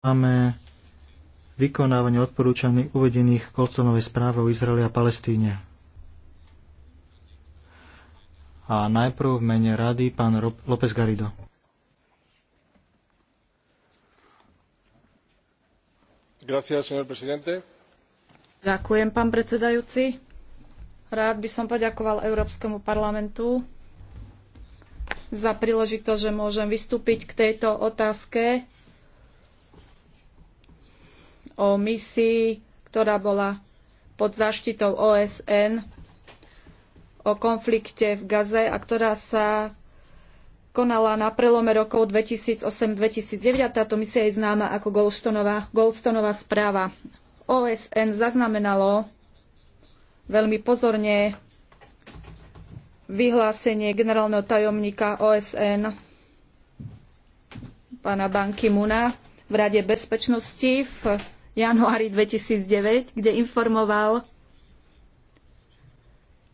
máme vykonávanie odporúčaní uvedených kolcovnovej správy o Izraeli a Palestíne. A najprv v mene rady pán López Garido. Gracias, señor presidente. Ďakujem, pán predsedajúci. Rád by som poďakoval Európskemu parlamentu za príležitosť, že môžem vystúpiť k tejto otázke o misii, ktorá bola pod záštitou OSN o konflikte v Gaze a ktorá sa konala na prelome rokov 2008-2009. Táto misia je známa ako Goldstonová, Goldstonová správa. OSN zaznamenalo veľmi pozorne vyhlásenie generálneho tajomníka OSN pána Banky Muna v Rade bezpečnosti v januári 2009, kde informoval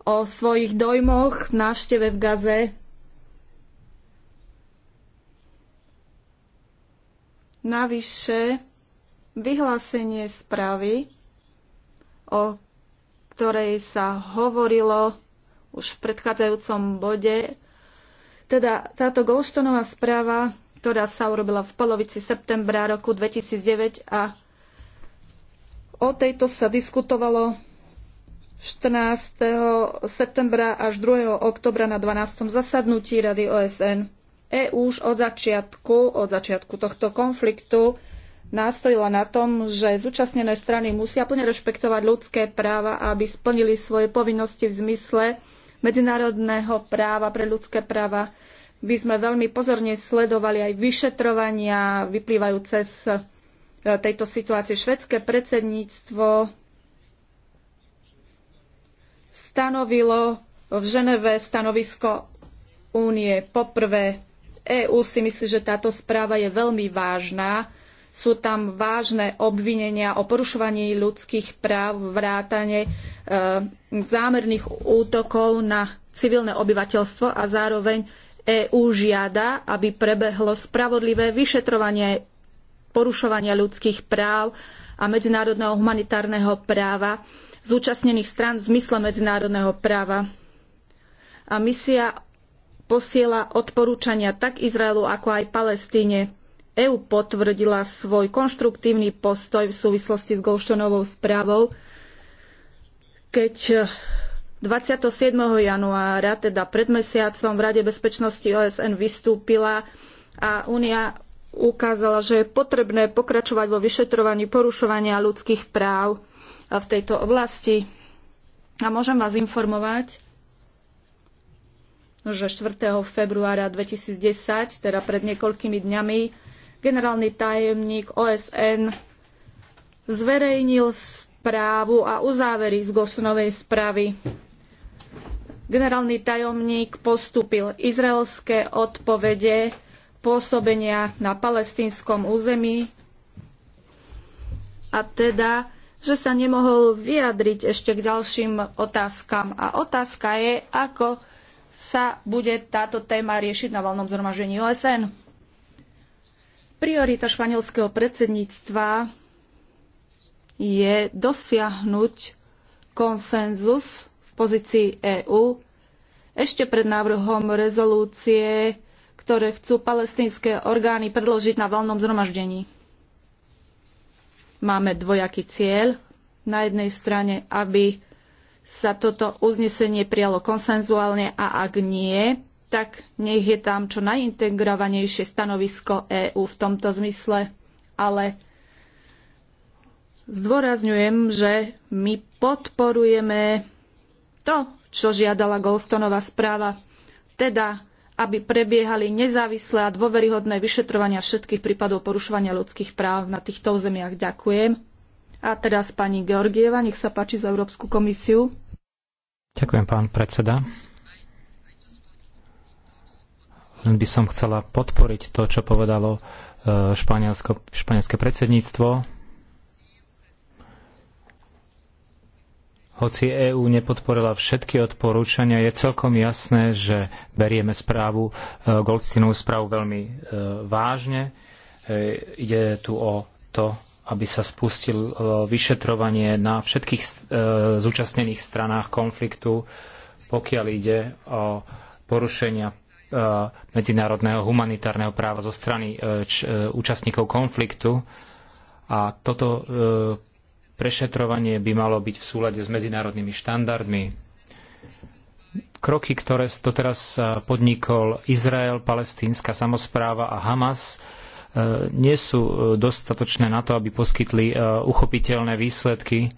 o svojich dojmoch v návšteve v Gaze. Navyše vyhlásenie správy, o ktorej sa hovorilo už v predchádzajúcom bode, teda táto Goldstonová správa, ktorá sa urobila v polovici septembra roku 2009 a O tejto sa diskutovalo 14. septembra až 2. oktobra na 12. zasadnutí Rady OSN. EU už od začiatku, od začiatku tohto konfliktu nástojila na tom, že zúčastnené strany musia plne rešpektovať ľudské práva, aby splnili svoje povinnosti v zmysle medzinárodného práva pre ľudské práva. By sme veľmi pozorne sledovali aj vyšetrovania vyplývajúce z E, tejto situácie. Švedské predsedníctvo stanovilo v Ženeve stanovisko únie. Poprvé, EÚ si myslí, že táto správa je veľmi vážna. Sú tam vážne obvinenia o porušovaní ľudských práv, vrátane e, zámerných útokov na civilné obyvateľstvo a zároveň EÚ žiada, aby prebehlo spravodlivé vyšetrovanie porušovania ľudských práv a medzinárodného humanitárneho práva zúčastnených strán v zmysle medzinárodného práva. A misia posiela odporúčania tak Izraelu, ako aj Palestíne. EÚ potvrdila svoj konštruktívny postoj v súvislosti s Golštonovou správou, keď 27. januára, teda pred mesiacom, v Rade bezpečnosti OSN vystúpila a Únia ukázala, že je potrebné pokračovať vo vyšetrovaní porušovania ľudských práv v tejto oblasti. A môžem vás informovať, že 4. februára 2010, teda pred niekoľkými dňami, generálny tajemník OSN zverejnil správu a uzávery z Gosunovej správy. Generálny tajomník postúpil izraelské odpovede pôsobenia na palestínskom území a teda, že sa nemohol vyjadriť ešte k ďalším otázkam. A otázka je, ako sa bude táto téma riešiť na valnom zhromažení OSN. Priorita španielského predsedníctva je dosiahnuť konsenzus v pozícii EÚ ešte pred návrhom rezolúcie ktoré chcú palestínske orgány predložiť na valnom zhromaždení. Máme dvojaký cieľ. Na jednej strane, aby sa toto uznesenie prijalo konsenzuálne a ak nie, tak nech je tam čo najintegrovanejšie stanovisko EÚ v tomto zmysle. Ale zdôrazňujem, že my podporujeme to, čo žiadala Goldstonová správa, teda aby prebiehali nezávislé a dôveryhodné vyšetrovania všetkých prípadov porušovania ľudských práv na týchto územiach. Ďakujem. A teraz pani Georgieva, nech sa páči za Európsku komisiu. Ďakujem, pán predseda. Len by som chcela podporiť to, čo povedalo eh, španielsko, španielské predsedníctvo Hoci EÚ nepodporila všetky odporúčania, je celkom jasné, že berieme správu, e, Goldsteinovú správu veľmi e, vážne. E, ide tu o to, aby sa spustilo vyšetrovanie na všetkých zúčastnených stranách konfliktu, pokiaľ ide o porušenia medzinárodného humanitárneho práva zo strany účastníkov konfliktu. A toto Prešetrovanie by malo byť v súlade s medzinárodnými štandardmi. Kroky, ktoré doteraz e, podnikol Izrael, palestínska samozpráva a Hamas, e, nie sú e, dostatočné na to, aby poskytli uchopiteľné výsledky.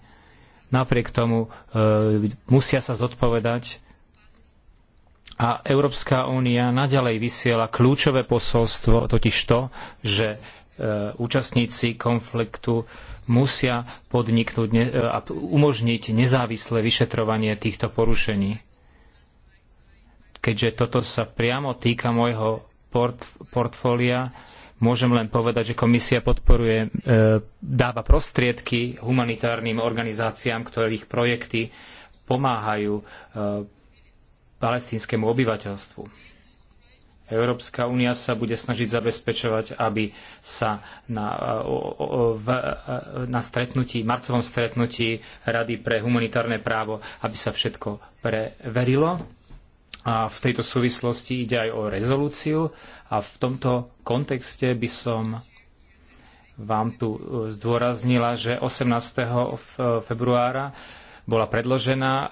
Napriek tomu musia sa zodpovedať a Európska únia naďalej vysiela kľúčové posolstvo, totiž to, že účastníci konfliktu musia podniknúť a umožniť nezávislé vyšetrovanie týchto porušení. Keďže toto sa priamo týka môjho portf portfólia, môžem len povedať, že komisia podporuje, e, dáva prostriedky humanitárnym organizáciám, ktorých projekty pomáhajú e, palestinskému obyvateľstvu. Európska únia sa bude snažiť zabezpečovať, aby sa na, na stretnutí, marcovom stretnutí Rady pre humanitárne právo, aby sa všetko preverilo. A v tejto súvislosti ide aj o rezolúciu a v tomto kontexte by som vám tu e, zdôraznila, že 18. februára bola predložená e,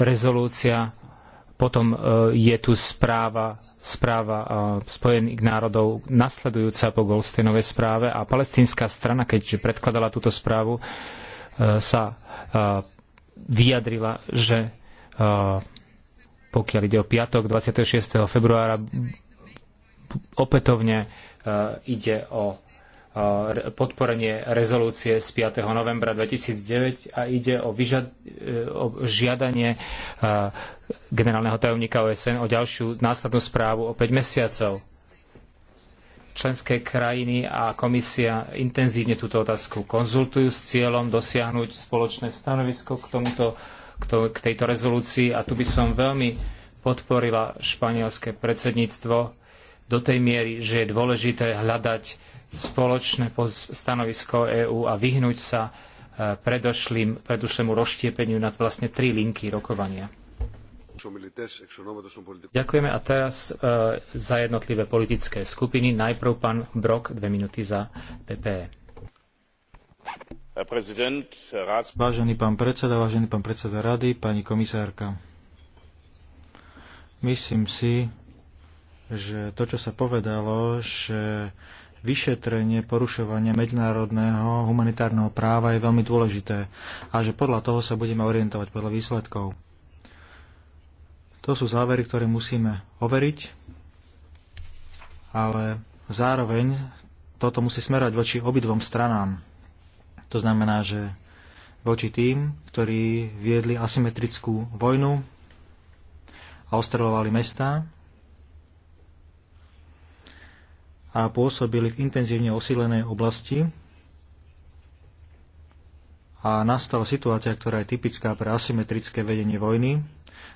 rezolúcia potom e, je tu správa, správa e, Spojených národov nasledujúca po Goldsteinovej správe a palestínska strana, keď predkladala túto správu, e, sa vyjadrila, že pokiaľ ide o piatok 26. februára, opätovne ide o podporenie rezolúcie z 5. novembra 2009 a ide o, vyžad, e, o žiadanie e, generálneho tajomníka OSN o ďalšiu následnú správu o 5 mesiacov. Členské krajiny a komisia intenzívne túto otázku konzultujú s cieľom dosiahnuť spoločné stanovisko k, tomuto, k tejto rezolúcii a tu by som veľmi podporila španielske predsedníctvo do tej miery, že je dôležité hľadať spoločné stanovisko EÚ a vyhnúť sa e, predošlým, predošlému rozštiepeniu na vlastne tri linky rokovania. Ďakujeme a teraz e, za jednotlivé politické skupiny. Najprv pán Brok, dve minúty za PPE. Vážený pán predseda, vážený pán predseda rady, pani komisárka. Myslím si, že to, čo sa povedalo, že vyšetrenie porušovania medzinárodného humanitárneho práva je veľmi dôležité a že podľa toho sa budeme orientovať podľa výsledkov. To sú závery, ktoré musíme overiť, ale zároveň toto musí smerať voči obidvom stranám. To znamená, že voči tým, ktorí viedli asymetrickú vojnu a ostrelovali mesta, a pôsobili v intenzívne osídlenej oblasti a nastala situácia, ktorá je typická pre asymetrické vedenie vojny.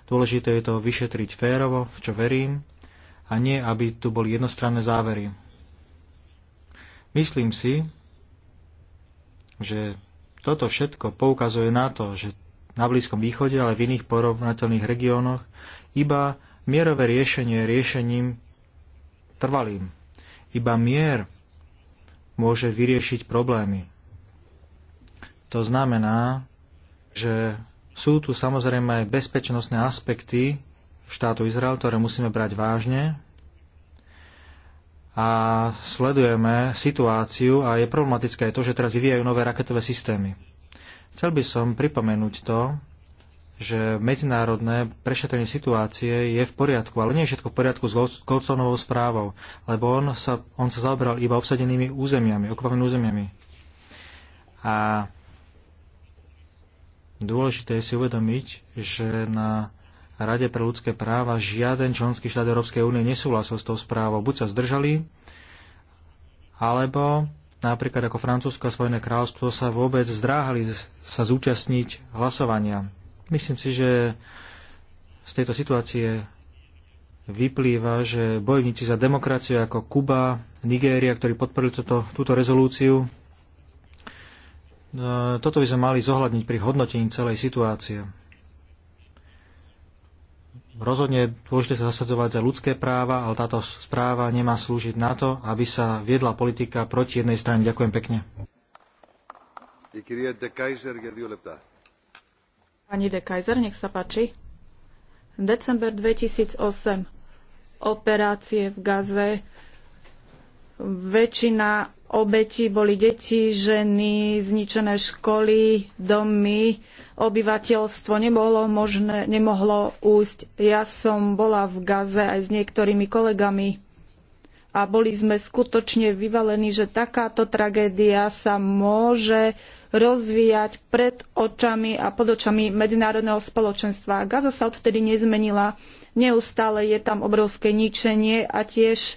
Dôležité je to vyšetriť férovo, v čo verím, a nie, aby tu boli jednostranné závery. Myslím si, že toto všetko poukazuje na to, že na Blízkom východe, ale v iných porovnateľných regiónoch, iba mierové riešenie je riešením trvalým. Iba mier môže vyriešiť problémy. To znamená, že sú tu samozrejme aj bezpečnostné aspekty štátu Izrael, ktoré musíme brať vážne a sledujeme situáciu a je problematické aj to, že teraz vyvíjajú nové raketové systémy. Chcel by som pripomenúť to, že medzinárodné prešetrenie situácie je v poriadku, ale nie je všetko v poriadku s Goldstonovou správou, lebo on sa, on sa zaoberal iba obsadenými územiami, okupovanými územiami. A dôležité je si uvedomiť, že na Rade pre ľudské práva žiaden členský štát Európskej únie nesúhlasil s tou správou. Buď sa zdržali, alebo napríklad ako Francúzska a Spojené kráľovstvo sa vôbec zdráhali sa zúčastniť hlasovania Myslím si, že z tejto situácie vyplýva, že bojovníci za demokraciu ako Kuba, Nigéria, ktorí podporili toto, túto rezolúciu, e, toto by sme mali zohľadniť pri hodnotení celej situácie. Rozhodne je dôležité sa zasadzovať za ľudské práva, ale táto správa nemá slúžiť na to, aby sa viedla politika proti jednej strane. Ďakujem pekne. Pani de Kaiser, nech sa páči. December 2008. Operácie v Gaze. Väčšina obetí boli deti, ženy, zničené školy, domy, obyvateľstvo nebolo možné, nemohlo újsť. Ja som bola v Gaze aj s niektorými kolegami a boli sme skutočne vyvalení, že takáto tragédia sa môže rozvíjať pred očami a pod očami medzinárodného spoločenstva. Gaza sa odtedy nezmenila, neustále je tam obrovské ničenie a tiež e,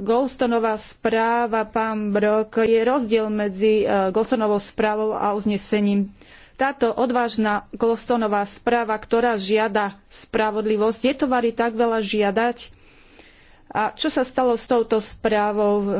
Goldstonová správa, pán Brok, je rozdiel medzi e, Goldstonovou správou a uznesením. Táto odvážna Goldstonová správa, ktorá žiada spravodlivosť, je to varí tak veľa žiadať, a čo sa stalo s touto správou? E,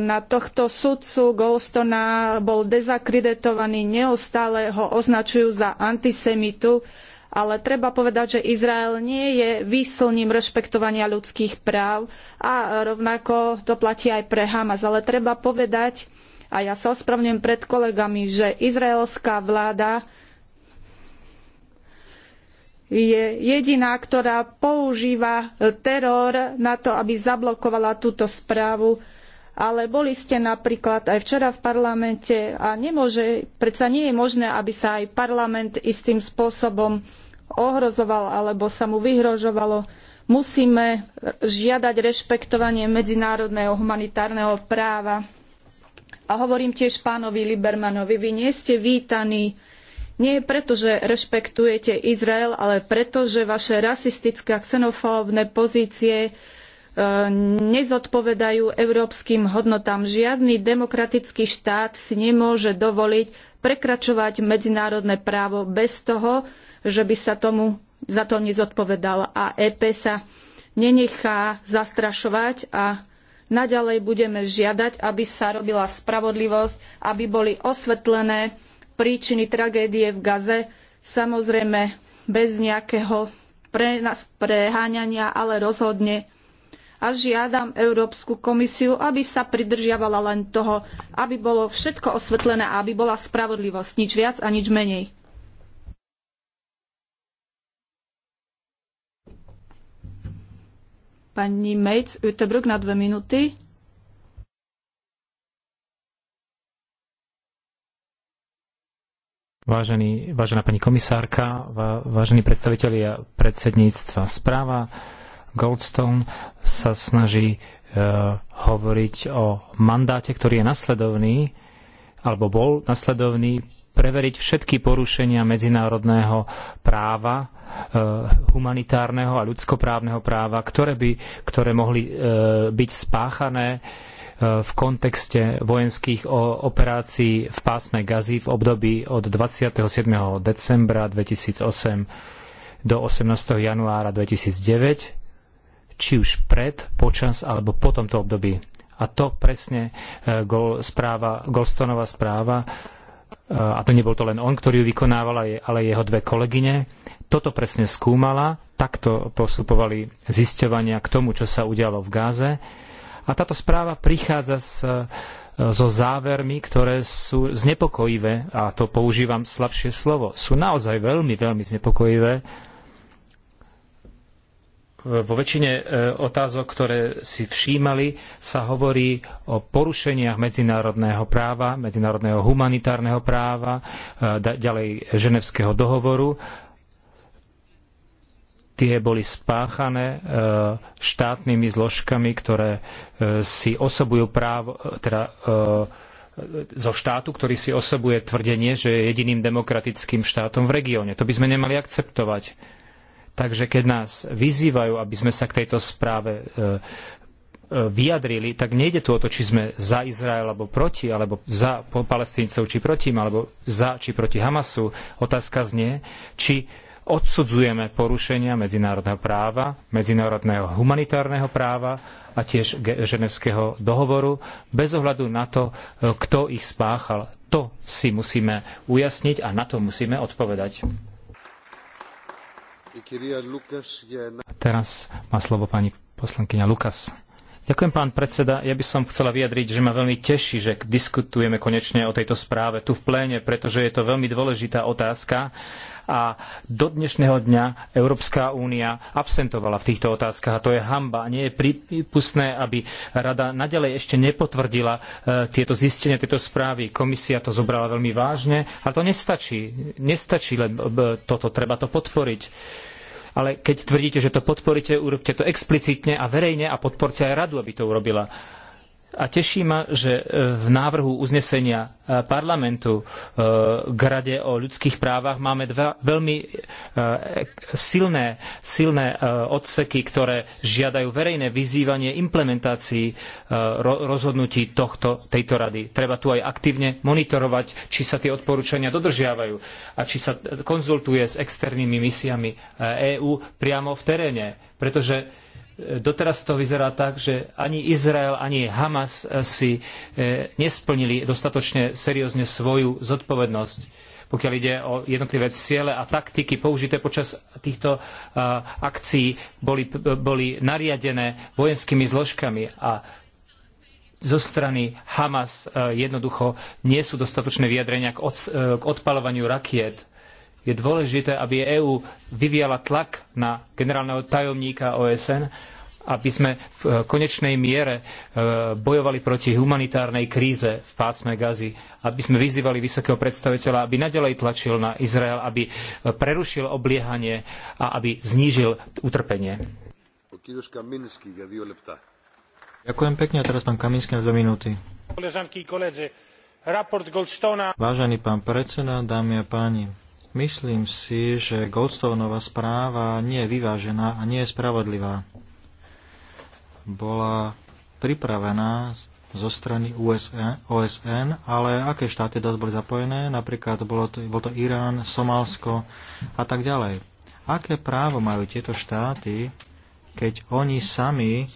na tohto sudcu Goldstona bol dezakreditovaný, neustále ho označujú za antisemitu, ale treba povedať, že Izrael nie je výslním rešpektovania ľudských práv a rovnako to platí aj pre Hamas. Ale treba povedať, a ja sa ospravňujem pred kolegami, že izraelská vláda je jediná, ktorá používa teror na to, aby zablokovala túto správu. Ale boli ste napríklad aj včera v parlamente a nemôže, predsa nie je možné, aby sa aj parlament istým spôsobom ohrozoval alebo sa mu vyhrožovalo. Musíme žiadať rešpektovanie medzinárodného humanitárneho práva. A hovorím tiež pánovi Libermanovi, vy nie ste vítaní nie preto, že rešpektujete Izrael, ale preto, že vaše rasistické a xenofóbne pozície e, nezodpovedajú európskym hodnotám. Žiadny demokratický štát si nemôže dovoliť prekračovať medzinárodné právo bez toho, že by sa tomu za to nezodpovedal. A EP sa nenechá zastrašovať a naďalej budeme žiadať, aby sa robila spravodlivosť, aby boli osvetlené príčiny tragédie v Gaze, samozrejme bez nejakého preháňania, ale rozhodne a žiadam Európsku komisiu, aby sa pridržiavala len toho, aby bolo všetko osvetlené a aby bola spravodlivosť, nič viac a nič menej. Pani Mates na dve minúty. Vážený, vážená pani komisárka, vážení predstavitelia predsedníctva, správa Goldstone sa snaží e, hovoriť o mandáte, ktorý je nasledovný, alebo bol nasledovný, preveriť všetky porušenia medzinárodného práva, e, humanitárneho a ľudskoprávneho práva, ktoré, by, ktoré mohli e, byť spáchané v kontexte vojenských operácií v pásme Gazy v období od 27. decembra 2008 do 18. januára 2009, či už pred, počas alebo po tomto období. A to presne e, gol, správa, správa, e, a to nebol to len on, ktorý ju vykonával, ale jeho dve kolegyne, toto presne skúmala, takto postupovali zisťovania k tomu, čo sa udialo v Gáze a táto správa prichádza s, e, so závermi, ktoré sú znepokojivé, a to používam slabšie slovo, sú naozaj veľmi, veľmi znepokojivé. E, vo väčšine e, otázok, ktoré si všímali, sa hovorí o porušeniach medzinárodného práva, medzinárodného humanitárneho práva, ďalej ženevského dohovoru, tie boli spáchané e, štátnymi zložkami, ktoré e, si osobujú právo, teda e, zo štátu, ktorý si osobuje tvrdenie, že je jediným demokratickým štátom v regióne. To by sme nemali akceptovať. Takže keď nás vyzývajú, aby sme sa k tejto správe vyjadrili, tak nejde tu o to, či sme za Izrael alebo proti, alebo za palestíncov či proti im, alebo za či proti Hamasu. Otázka znie, či odsudzujeme porušenia medzinárodného práva, medzinárodného humanitárneho práva a tiež ženevského dohovoru bez ohľadu na to, e, kto ich spáchal. To si musíme ujasniť a na to musíme odpovedať. Teraz má slovo pani poslankyňa Lukas. Ďakujem, pán predseda. Ja by som chcela vyjadriť, že ma veľmi teší, že diskutujeme konečne o tejto správe tu v pléne, pretože je to veľmi dôležitá otázka a do dnešného dňa Európska únia absentovala v týchto otázkach a to je hamba. Nie je prípustné, aby rada naďalej ešte nepotvrdila e, tieto zistenia, tieto správy. Komisia to zobrala veľmi vážne, ale to nestačí. Nestačí len e, toto, treba to podporiť ale keď tvrdíte, že to podporíte, urobte to explicitne a verejne a podporte aj radu, aby to urobila. A teší ma, že e, v návrhu uznesenia e, parlamentu e, k Rade o ľudských právach máme dva veľmi silné, silné odseky, ktoré žiadajú verejné vyzývanie implementácií rozhodnutí tohto, tejto rady. Treba tu aj aktívne monitorovať, či sa tie odporúčania dodržiavajú a či sa konzultuje s externými misiami EÚ priamo v teréne. Pretože Doteraz to vyzerá tak, že ani Izrael, ani Hamas si e, nesplnili dostatočne seriózne svoju zodpovednosť, pokiaľ ide o jednotlivé ciele a taktiky použité počas týchto e, akcií boli, boli nariadené vojenskými zložkami a zo strany Hamas e, jednoducho nie sú dostatočné vyjadrenia k odpaľovaniu rakiet je dôležité, aby EÚ vyvíjala tlak na generálneho tajomníka OSN, aby sme v e, konečnej miere e, bojovali proti humanitárnej kríze v pásme Gazy, aby sme vyzývali vysokého predstaviteľa, aby nadalej tlačil na Izrael, aby e, prerušil obliehanie a aby znížil utrpenie. Ďakujem pekne a teraz pán Kaminský na dve minúty. Vážený pán predseda, dámy a páni, Myslím si, že Goldstoneová správa nie je vyvážená a nie je spravodlivá. Bola pripravená zo strany USN, e, OSN, ale aké štáty dosť boli zapojené? Napríklad bolo to, bol to Irán, Somálsko a tak ďalej. Aké právo majú tieto štáty, keď oni sami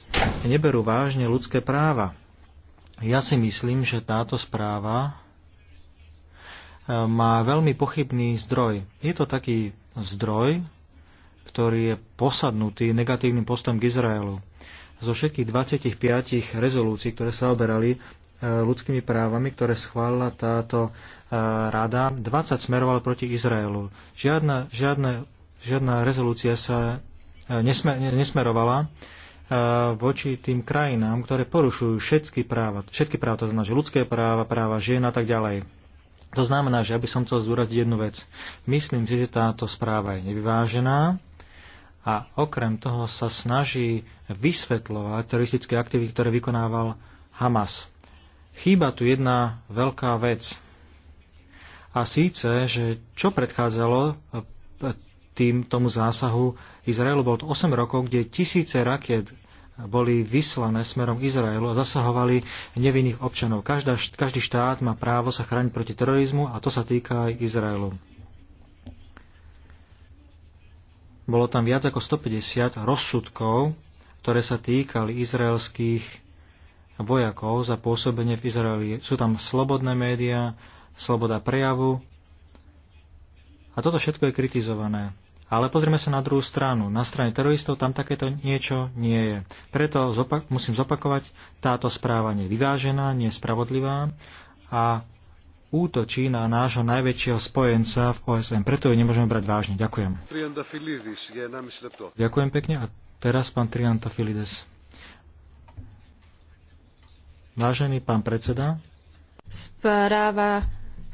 neberú vážne ľudské práva? Ja si myslím, že táto správa má veľmi pochybný zdroj. Je to taký zdroj, ktorý je posadnutý negatívnym postom k Izraelu. Zo všetkých 25 rezolúcií, ktoré sa oberali e, ľudskými právami, ktoré schválila táto e, rada, 20 smerovalo proti Izraelu. Žiadna, žiadna, žiadna rezolúcia sa e, nesmerovala voči tým krajinám, ktoré porušujú všetky práva, všetky práva, to znamená, že ľudské práva, práva žien a tak ďalej. To znamená, že aby som chcel zdôrazniť jednu vec. Myslím si, že táto správa je nevyvážená a okrem toho sa snaží vysvetľovať teroristické aktivity, ktoré vykonával Hamas. Chýba tu jedna veľká vec. A síce, že čo predchádzalo eh, tým, tomu zásahu Izraelu, bolo to 8 rokov, kde tisíce raket boli vyslané smerom k Izraelu a zasahovali nevinných občanov. Každá, každý štát má právo sa chrániť proti terorizmu a to sa týka aj Izraelu. Bolo tam viac ako 150 rozsudkov, ktoré sa týkali izraelských vojakov za pôsobenie v Izraeli. Sú tam slobodné médiá, sloboda prejavu a toto všetko je kritizované. Ale pozrieme sa na druhú stranu. Na strane teroristov tam takéto niečo nie je. Preto zopak- musím zopakovať, táto správa nie je vyvážená, nie je spravodlivá a útočí na nášho najväčšieho spojenca v OSN. Preto ju nemôžeme brať vážne. Ďakujem. Ďakujem pekne. A teraz pán Triantafilides. Vážený pán predseda. Správa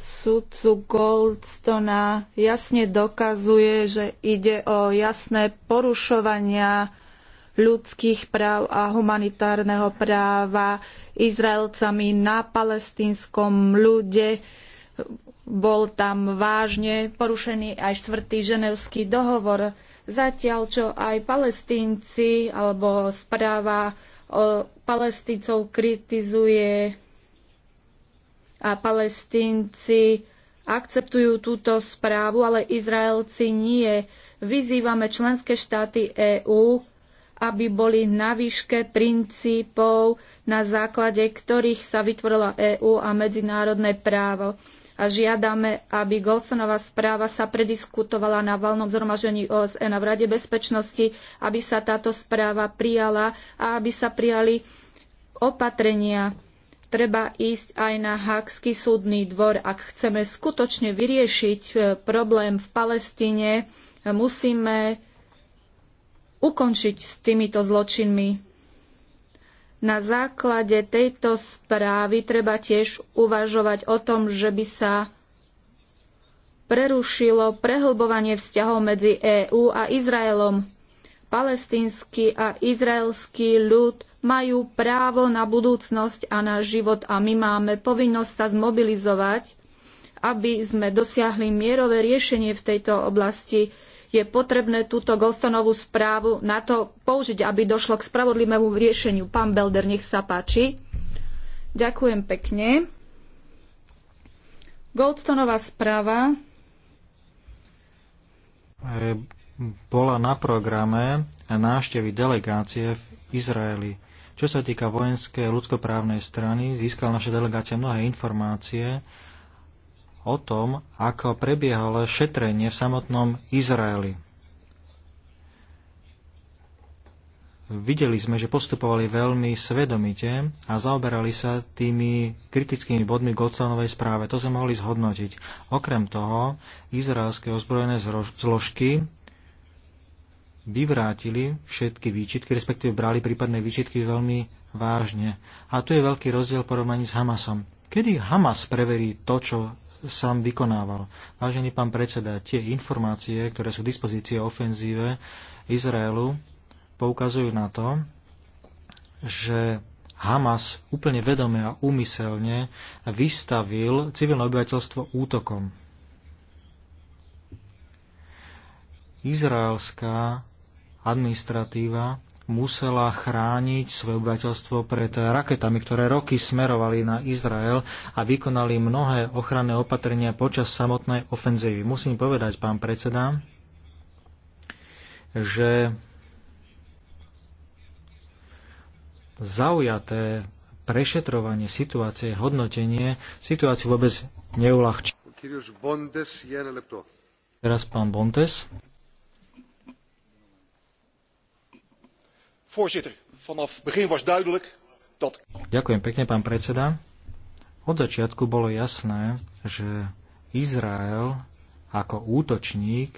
sudcu Goldstona jasne dokazuje, že ide o jasné porušovania ľudských práv a humanitárneho práva Izraelcami na palestínskom ľude. Bol tam vážne porušený aj štvrtý ženevský dohovor. Zatiaľ, čo aj palestínci alebo správa palestíncov kritizuje a palestínci akceptujú túto správu, ale Izraelci nie. Vyzývame členské štáty EÚ, aby boli na výške princípov, na základe ktorých sa vytvorila EÚ a medzinárodné právo. A žiadame, aby Golsonová správa sa prediskutovala na valnom zhromažení OSN a v Rade bezpečnosti, aby sa táto správa prijala a aby sa prijali opatrenia treba ísť aj na Hákský súdny dvor. Ak chceme skutočne vyriešiť e, problém v Palestíne, e, musíme ukončiť s týmito zločinmi. Na základe tejto správy treba tiež uvažovať o tom, že by sa prerušilo prehlbovanie vzťahov medzi EÚ a Izraelom. Palestínsky a izraelský ľud majú právo na budúcnosť a na život a my máme povinnosť sa zmobilizovať, aby sme dosiahli mierové riešenie v tejto oblasti. Je potrebné túto golstonovú správu na to použiť, aby došlo k spravodlivému riešeniu. Pán Belder, nech sa páči. Ďakujem pekne. Goldstonová správa eh, bola na programe návštevy delegácie v Izraeli. Čo sa týka vojenskej ľudskoprávnej strany, získala naša delegácia mnohé informácie o tom, ako prebiehalo šetrenie v samotnom Izraeli. Videli sme, že postupovali veľmi svedomite a zaoberali sa tými kritickými bodmi k správe. To sme mohli zhodnotiť. Okrem toho, izraelské ozbrojené zložky vyvrátili všetky výčitky, respektíve brali prípadné výčitky veľmi vážne. A tu je veľký rozdiel porovnaní s Hamasom. Kedy Hamas preverí to, čo sám vykonával? Vážený pán predseda, tie informácie, ktoré sú v dispozícii ofenzíve Izraelu, poukazujú na to, že Hamas úplne vedome a úmyselne vystavil civilné obyvateľstvo útokom. Izraelská administratíva musela chrániť svoje obyvateľstvo pred raketami, ktoré roky smerovali na Izrael a vykonali mnohé ochranné opatrenia počas samotnej ofenzívy. Musím povedať, pán predseda, že zaujaté prešetrovanie situácie, hodnotenie situáciu vôbec neulahčí. Teraz pán Bontes. Ďakujem pekne, pán predseda. Od začiatku bolo jasné, že Izrael ako útočník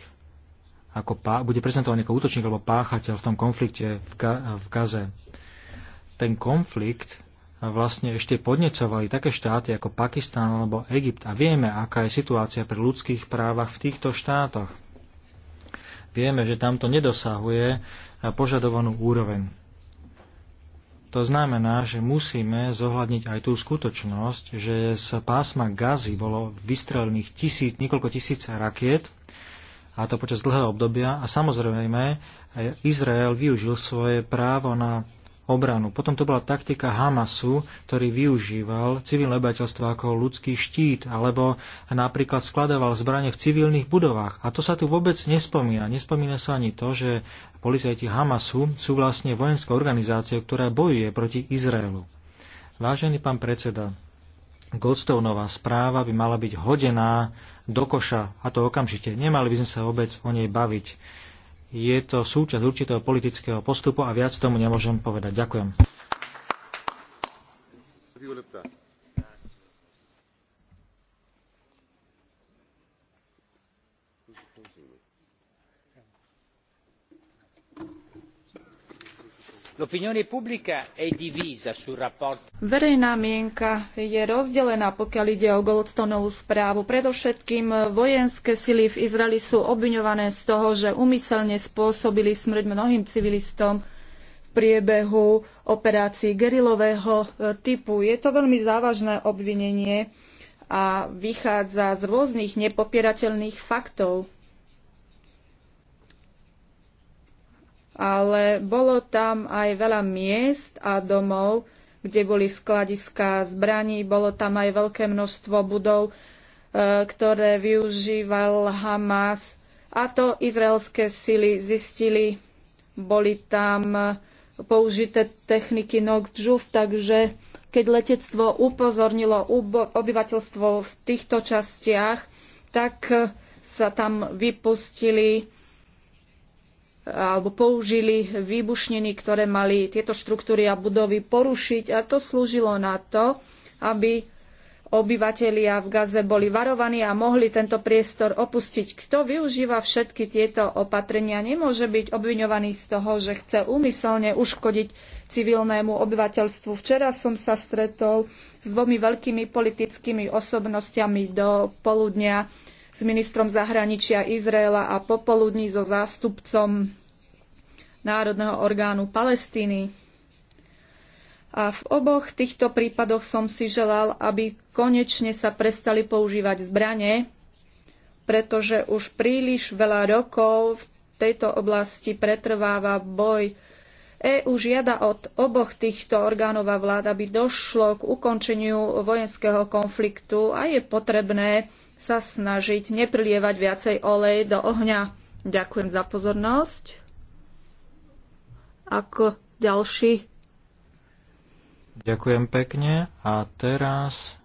ako pá, bude prezentovaný ako útočník alebo páchateľ v tom konflikte v, Ga, v Gaze. Ten konflikt vlastne ešte podnecovali také štáty ako Pakistán alebo Egypt a vieme, aká je situácia pri ľudských právach v týchto štátoch. Vieme, že tamto nedosahuje požadovanú úroveň. To znamená, že musíme zohľadniť aj tú skutočnosť, že z pásma gazy bolo vystrelených tisíc, niekoľko tisíc rakiet, a to počas dlhého obdobia. A samozrejme, Izrael využil svoje právo na obranu. Potom to bola taktika Hamasu, ktorý využíval civilné obyvateľstvo ako ľudský štít, alebo napríklad skladoval zbranie v civilných budovách. A to sa tu vôbec nespomína. Nespomína sa ani to, že policajti Hamasu sú vlastne vojenskou organizáciou, ktorá bojuje proti Izraelu. Vážený pán predseda, Goldstoneová správa by mala byť hodená do koša, a to okamžite. Nemali by sme sa vôbec o nej baviť je to súčasť určitého politického postupu a viac tomu nemôžem povedať. Ďakujem. Verejná mienka je rozdelená, pokiaľ ide o Goldstonovú správu. Predovšetkým vojenské sily v Izraeli sú obviňované z toho, že umyselne spôsobili smrť mnohým civilistom v priebehu operácií gerilového e, typu. Je to veľmi závažné obvinenie a vychádza z rôznych nepopierateľných faktov. ale bolo tam aj veľa miest a domov, kde boli skladiska zbraní, bolo tam aj veľké množstvo budov, e, ktoré využíval Hamas. A to izraelské sily zistili, boli tam použité techniky Nogdžuf, takže keď letectvo upozornilo obyvateľstvo v týchto častiach, tak sa tam vypustili alebo použili výbušniny, ktoré mali tieto štruktúry a budovy porušiť a to slúžilo na to, aby obyvatelia v Gaze boli varovaní a mohli tento priestor opustiť. Kto využíva všetky tieto opatrenia, nemôže byť obviňovaný z toho, že chce úmyselne uškodiť civilnému obyvateľstvu. Včera som sa stretol s dvomi veľkými politickými osobnostiami do poludnia s ministrom zahraničia Izraela a popoludní so zástupcom Národného orgánu Palestíny. A v oboch týchto prípadoch som si želal, aby konečne sa prestali používať zbranie, pretože už príliš veľa rokov v tejto oblasti pretrváva boj EÚ žiada od oboch týchto orgánov a vlád, aby došlo k ukončeniu vojenského konfliktu a je potrebné sa snažiť neprilievať viacej olej do ohňa. Ďakujem za pozornosť. Ako ďalší. Ďakujem pekne a teraz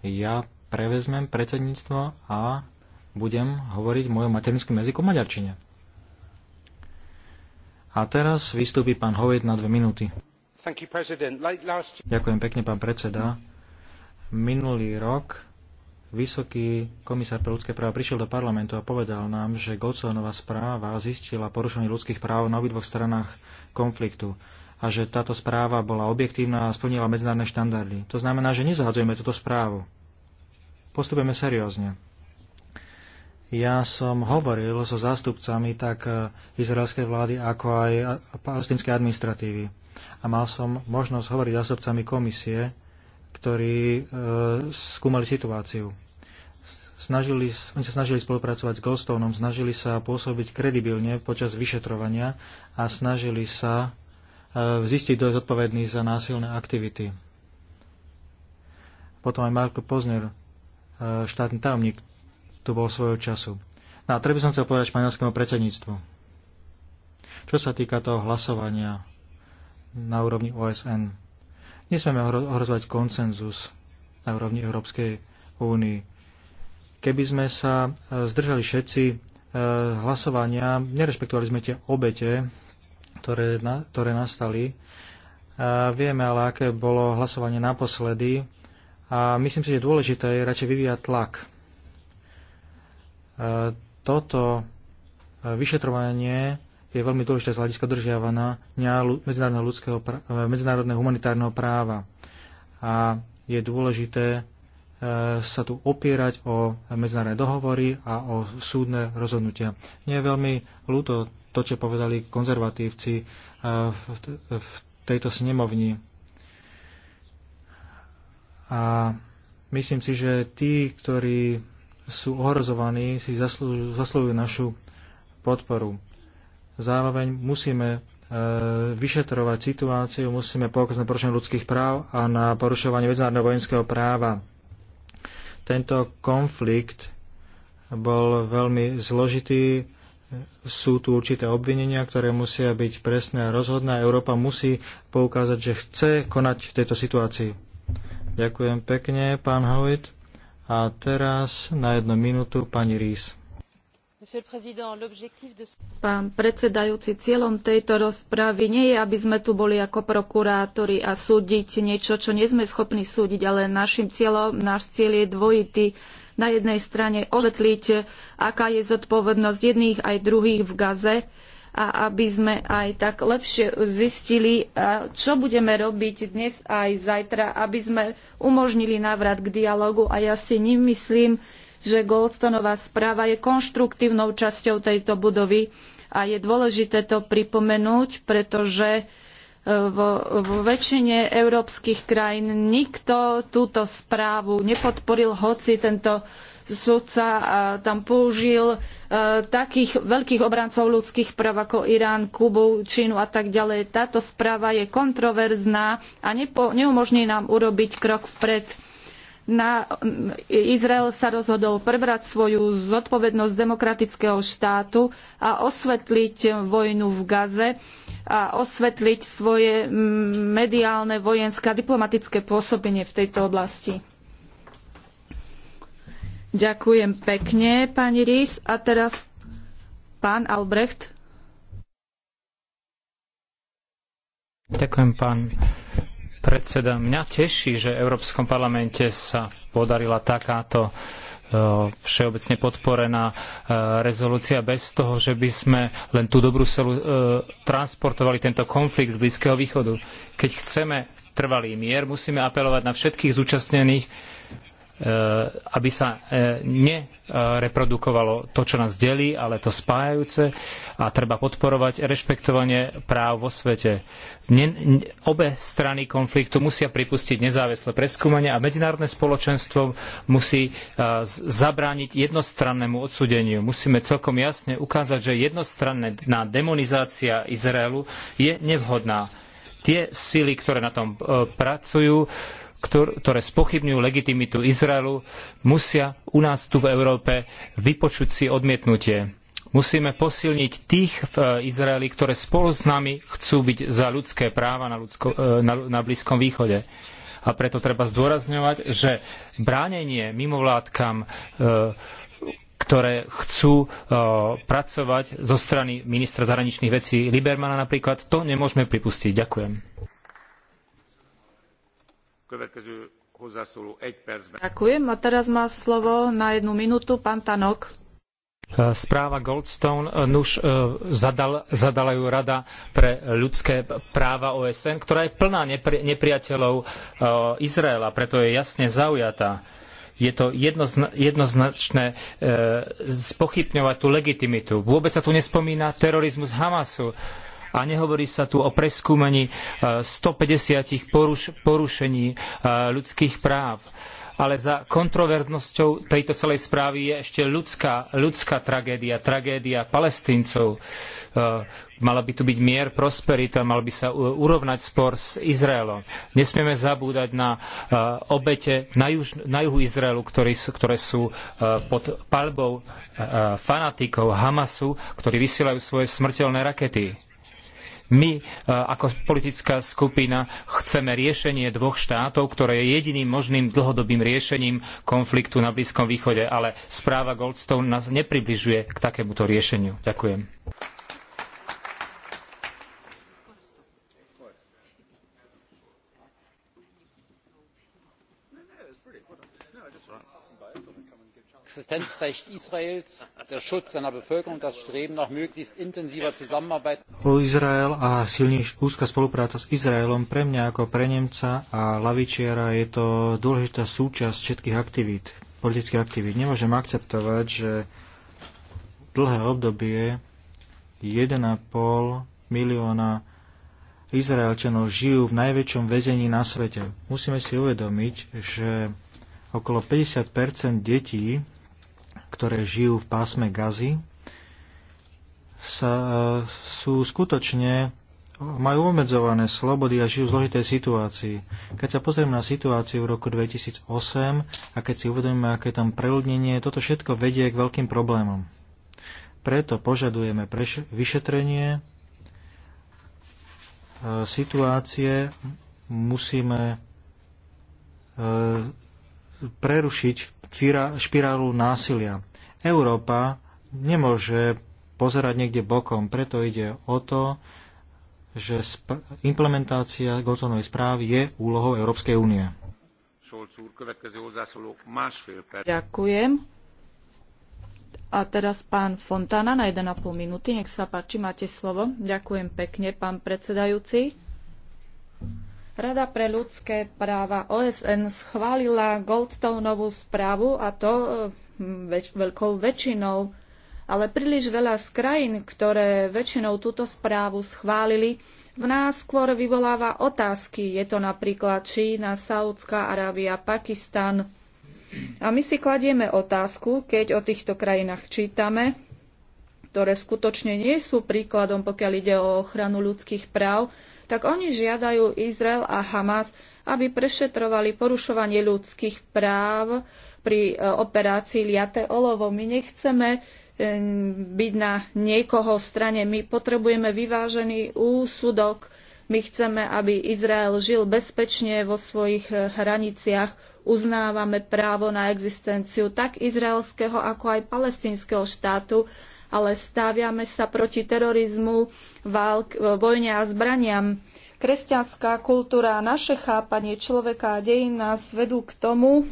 ja prevezmem predsedníctvo a budem hovoriť v mojom materinským jazyku maďarčine. A teraz vystúpi pán Hoved na dve minúty. Ďakujem pekne, pán predseda. Minulý rok vysoký komisár pre ľudské práva prišiel do parlamentu a povedal nám, že Goldstoneová správa zistila porušenie ľudských práv na obidvoch stranách konfliktu a že táto správa bola objektívna a splnila medzinárodné štandardy. To znamená, že nezahadzujeme túto správu. Postupujeme seriózne. Ja som hovoril so zástupcami tak eh, izraelskej vlády, ako aj eh, palestinskej administratívy. A mal som možnosť hovoriť zástupcami komisie ktorí e, skúmali situáciu. Snažili, oni sa snažili spolupracovať s Goldstoneom, snažili sa pôsobiť kredibilne počas vyšetrovania a snažili sa e, zistiť, kto je zodpovedný za násilné aktivity. Potom aj Marko Pozner, e, štátny tajomník, tu bol svojho času. No a treba som chcel povedať španielskému predsedníctvu. Čo sa týka toho hlasovania na úrovni OSN, Nesmieme ohrozovať koncenzus na úrovni Európskej únii. Keby sme sa e, zdržali všetci e, hlasovania, nerešpektovali sme tie obete, ktoré, ktoré nastali. A e, vieme ale, aké bolo hlasovanie naposledy a myslím si, že dôležité je radšej vyvíjať tlak. Toto vyšetrovanie je veľmi dôležité z hľadiska držiavania medzinárodného, ľudského, eh, medzinárodného humanitárneho práva. A je dôležité eh, sa tu opierať o medzinárodné dohovory a o súdne rozhodnutia. Nie je veľmi ľúto to, čo povedali konzervatívci eh, v tejto snemovni. A myslím si, že tí, ktorí sú ohrozovaní, si zaslúžujú našu podporu. Zároveň musíme e, vyšetrovať situáciu, musíme poukázať na porušenie ľudských práv a na porušovanie medzinárodného vojenského práva. Tento konflikt bol veľmi zložitý. Sú tu určité obvinenia, ktoré musia byť presné a rozhodné. Európa musí poukázať, že chce konať v tejto situácii. Ďakujem pekne, pán Howitt. A teraz na jednu minútu pani Rís. Pán predsedajúci, cieľom tejto rozpravy nie je, aby sme tu boli ako prokurátori a súdiť niečo, čo nie sme schopní súdiť, ale našim cieľom, náš cieľ je dvojitý. Na jednej strane osvetliť, aká je zodpovednosť jedných aj druhých v Gaze a aby sme aj tak lepšie zistili, čo budeme robiť dnes aj zajtra, aby sme umožnili návrat k dialogu a ja si nemyslím, myslím, že Goldstonová správa je konštruktívnou časťou tejto budovy a je dôležité to pripomenúť, pretože e, vo, vo väčšine európskych krajín nikto túto správu nepodporil, hoci tento sudca e, tam použil e, takých veľkých obrancov ľudských práv ako Irán, Kubu, Čínu a tak ďalej. Táto správa je kontroverzná a neumožní nám urobiť krok vpred na, Izrael sa rozhodol prebrať svoju zodpovednosť demokratického štátu a osvetliť vojnu v Gaze a osvetliť svoje mm, mediálne, vojenské a diplomatické pôsobenie v tejto oblasti. Ďakujem pekne, pani Rís. A teraz pán Albrecht. Ďakujem, pán predseda. Mňa teší, že v Európskom parlamente sa podarila takáto e, všeobecne podporená e, rezolúcia bez toho, že by sme len tu do Bruselu e, transportovali tento konflikt z Blízkeho východu. Keď chceme trvalý mier, musíme apelovať na všetkých zúčastnených, Eh, aby sa eh, nereprodukovalo to, čo nás delí, ale to spájajúce a treba podporovať rešpektovanie práv vo svete. obe strany konfliktu musia pripustiť nezávislé preskúmanie a medzinárodné spoločenstvo musí eh, zabrániť jednostrannému odsúdeniu. Musíme celkom jasne ukázať, že jednostranná demonizácia Izraelu je nevhodná. Tie sily, ktoré na tom pracujú, ktoré spochybňujú legitimitu Izraelu, musia u nás tu v Európe vypočuť si odmietnutie. Musíme posilniť tých v e, Izraeli, ktoré spolu s nami chcú byť za ľudské práva na, ľudsko, e, na, na Blízkom východe. A preto treba zdôrazňovať, že bránenie mimovládkam, e, ktoré chcú pracovať zo strany ministra zahraničných vecí Libermana napríklad, to nemôžeme pripustiť. Ďakujem. A teraz má slovo na jednu minútu pán Tanok. Správa Goldstone eh, nuž eh, zadal, zadala ju Rada pre ľudské práva OSN, ktorá je plná nepri, nepriateľov eh, Izraela, preto je jasne zaujatá. Je to jednozna, jednoznačné spochybňovať tú legitimitu. Vôbec sa tu nespomína terorizmus Hamasu a nehovorí sa tu o preskúmaní 150 e, poruš- porušení e, ľudských práv ale za kontroverznosťou tejto celej správy je ešte ľudská, ľudská tragédia, tragédia palestíncov. E, mala by tu byť mier, prosperita, mal by sa urovnať spor s Izraelom. Nesmieme zabúdať na obete na, juž, na juhu Izraelu, ktoré sú, ktoré sú pod palbou fanatikov Hamasu, ktorí vysielajú svoje smrteľné rakety my e, ako politická skupina chceme riešenie dvoch štátov, ktoré je jediným možným dlhodobým riešením konfliktu na Blízkom východe, ale správa Goldstone nás nepribližuje k takémuto riešeniu. Ďakujem. existenzrecht Israels, der Schutz seiner Bevölkerung, das Streben nach möglichst intensiver Zusammenarbeit. O Izrael a silnejš, úzka spolupráca s Izraelom pre mňa ako pre Nemca a lavičiara je to dôležitá súčasť všetkých aktivít, politických aktivít. Nemôžem akceptovať, že dlhé obdobie 1,5 milióna Izraelčanov žijú v najväčšom väzení na svete. Musíme si uvedomiť, že okolo 50 detí ktoré žijú v pásme Gazy, sa, e, sú skutočne majú obmedzované slobody a žijú v zložitej situácii. Keď sa pozrieme na situáciu v roku 2008 a keď si uvedomíme, aké je tam preľudnenie, toto všetko vedie k veľkým problémom. Preto požadujeme preš- vyšetrenie e, situácie, musíme e, prerušiť špirálu násilia. Európa nemôže pozerať niekde bokom, preto ide o to, že implementácia Gotonovej správy je úlohou Európskej únie. Ďakujem. A teraz pán Fontana na 1,5 minúty. Nech sa páči, máte slovo. Ďakujem pekne, pán predsedajúci. Rada pre ľudské práva OSN schválila Goldstoneovú správu a to e, väč- veľkou väčšinou, ale príliš veľa z krajín, ktoré väčšinou túto správu schválili, v nás skôr vyvoláva otázky. Je to napríklad Čína, Saudská Arábia, Pakistan. A my si kladieme otázku, keď o týchto krajinách čítame, ktoré skutočne nie sú príkladom, pokiaľ ide o ochranu ľudských práv, tak oni žiadajú Izrael a Hamas, aby prešetrovali porušovanie ľudských práv pri e, operácii liate olovo. My nechceme e, byť na niekoho strane. My potrebujeme vyvážený úsudok. My chceme, aby Izrael žil bezpečne vo svojich e, hraniciach. Uznávame právo na existenciu tak izraelského, ako aj palestinského štátu ale stáviame sa proti terorizmu, válk, vojne a zbraniam. Kresťanská kultúra a naše chápanie človeka a dejin nás vedú k tomu,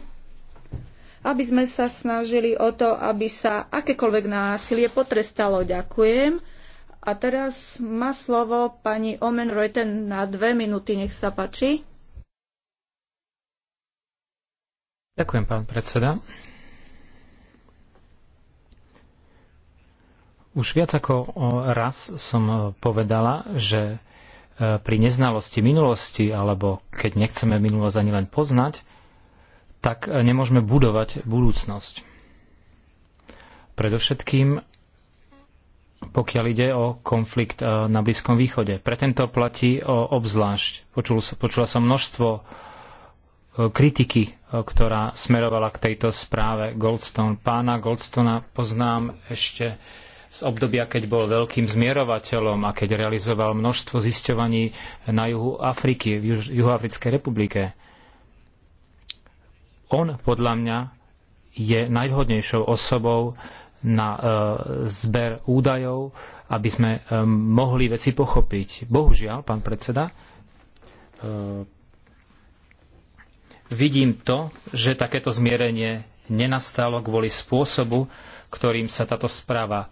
aby sme sa snažili o to, aby sa akékoľvek násilie potrestalo. Ďakujem. A teraz má slovo pani Omen Reuten na dve minúty, nech sa páči. Ďakujem, pán predseda. Už viac ako raz som e, povedala, že e, pri neznalosti minulosti, alebo keď nechceme minulosť ani len poznať, tak e, nemôžeme budovať budúcnosť. Predovšetkým, pokiaľ ide o konflikt na Blízkom východe. Pre tento platí obzvlášť. počula som množstvo kritiky, ktorá smerovala k tejto správe Goldstone. Pána Goldstona poznám ešte z obdobia, keď bol veľkým zmierovateľom a keď realizoval množstvo zisťovaní na juhu Afriky, v Juž- Juhoafrickej republike. On podľa mňa je najvhodnejšou osobou na e, zber údajov, aby sme e, mohli veci pochopiť. Bohužiaľ, pán predseda, e, vidím to, že takéto zmierenie nenastalo kvôli spôsobu, ktorým sa táto správa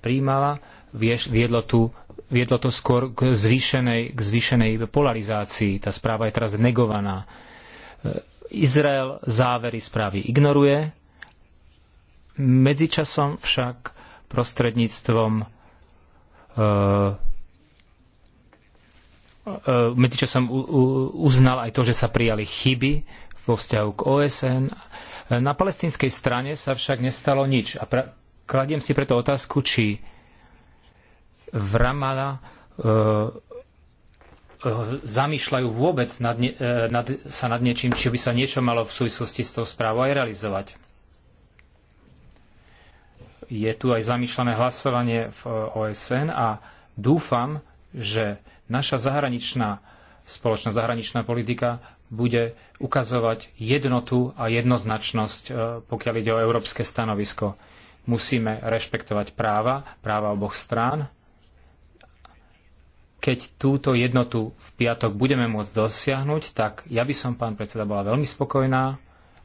príjmala, viedlo, tu, viedlo to skôr k zvýšenej, k zvýšenej polarizácii. Tá správa je teraz negovaná. Izrael závery správy ignoruje, medzičasom však prostredníctvom e, e, medzičasom uznal aj to, že sa prijali chyby vo vzťahu k OSN. Na palestinskej strane sa však nestalo nič. A Kladiem si preto otázku, či v Ramala e, e, zamýšľajú vôbec nad e, nad, sa nad niečím, či by sa niečo malo v súvislosti s tou správou aj realizovať. Je tu aj zamýšľané hlasovanie v OSN a dúfam, že naša zahraničná, spoločná zahraničná politika bude ukazovať jednotu a jednoznačnosť, e, pokiaľ ide o európske stanovisko. Musíme rešpektovať práva, práva oboch strán. Keď túto jednotu v piatok budeme môcť dosiahnuť, tak ja by som, pán predseda, bola veľmi spokojná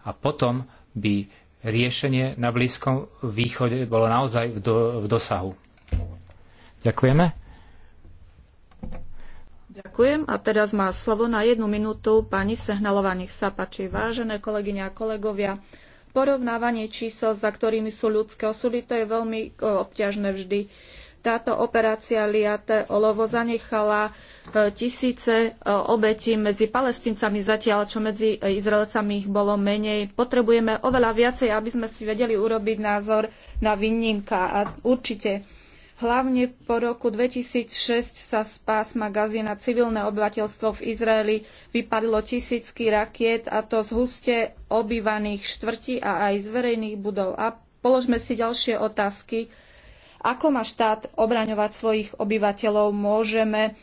a potom by riešenie na Blízkom východe bolo naozaj v, do, v dosahu. Ďakujeme. Ďakujem. A teraz má slovo na jednu minútu pani Sehnalová. Nech sa páči, vážené kolegyne a kolegovia. Porovnávanie čísel, za ktorými sú ľudské osudy, to je veľmi e, obťažné vždy. Táto operácia Liate Olovo zanechala e, tisíce e, obetí medzi palestíncami zatiaľ, čo medzi Izraelcami ich bolo menej. Potrebujeme oveľa viacej, aby sme si vedeli urobiť názor na vinníka a určite Hlavne po roku 2006 sa z pásma gazy na civilné obyvateľstvo v Izraeli vypadlo tisícky rakiet a to z huste obývaných štvrtí a aj z verejných budov. A položme si ďalšie otázky. Ako má štát obraňovať svojich obyvateľov? Môžeme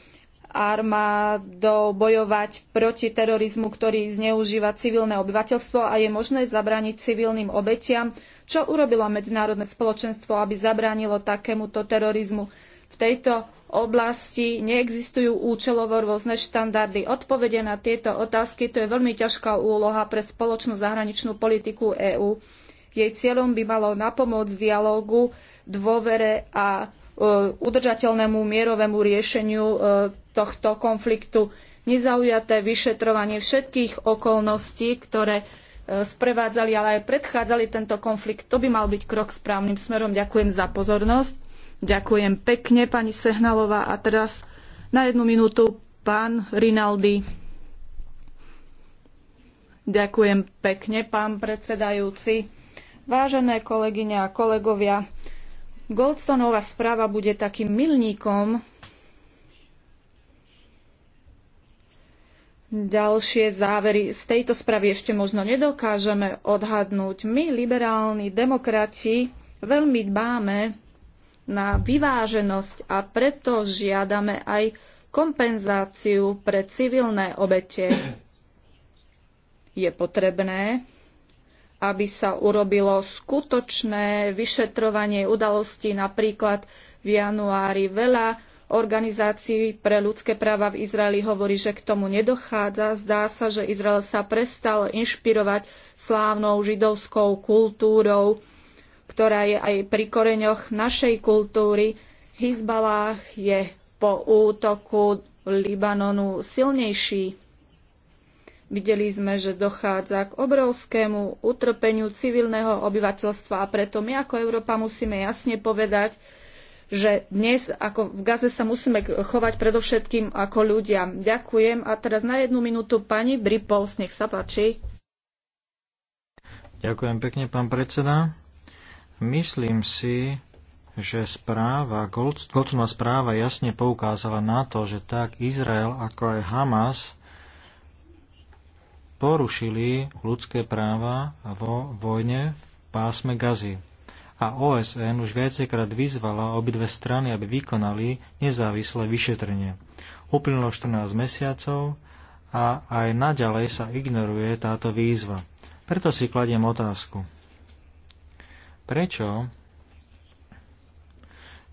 armádou bojovať proti terorizmu, ktorý zneužíva civilné obyvateľstvo a je možné zabrániť civilným obetiam. Čo urobilo medzinárodné spoločenstvo, aby zabránilo takémuto terorizmu? V tejto oblasti neexistujú účelovo rôzne štandardy. Odpovede na tieto otázky to je veľmi ťažká úloha pre spoločnú zahraničnú politiku EÚ. Jej cieľom by malo napomôcť dialógu, dôvere a e, udržateľnému mierovému riešeniu e, tohto konfliktu. Nezaujaté vyšetrovanie všetkých okolností, ktoré E, sprevádzali, ale aj predchádzali tento konflikt. To by mal byť krok správnym smerom. Ďakujem za pozornosť. Ďakujem pekne, pani Sehnalová. A teraz na jednu minútu pán Rinaldi. Ďakujem pekne, pán predsedajúci. Vážené kolegyne a kolegovia, Goldstonova správa bude takým milníkom ďalšie závery z tejto správy ešte možno nedokážeme odhadnúť. My, liberálni demokrati, veľmi dbáme na vyváženosť a preto žiadame aj kompenzáciu pre civilné obete. Je potrebné, aby sa urobilo skutočné vyšetrovanie udalostí. Napríklad v januári veľa organizácií pre ľudské práva v Izraeli hovorí, že k tomu nedochádza. Zdá sa, že Izrael sa prestal inšpirovať slávnou židovskou kultúrou, ktorá je aj pri koreňoch našej kultúry. Hizbalách je po útoku Libanonu silnejší. Videli sme, že dochádza k obrovskému utrpeniu civilného obyvateľstva a preto my ako Európa musíme jasne povedať, že dnes ako v Gaze sa musíme chovať predovšetkým ako ľudia. Ďakujem. A teraz na jednu minútu pani Bripols, nech sa páči. Ďakujem pekne, pán predseda. Myslím si, že správa, Goldsmanová správa jasne poukázala na to, že tak Izrael ako aj Hamas porušili ľudské práva vo vojne v pásme Gazy a OSN už viacejkrát vyzvala obidve strany, aby vykonali nezávislé vyšetrenie. Uplynulo 14 mesiacov a aj naďalej sa ignoruje táto výzva. Preto si kladiem otázku. Prečo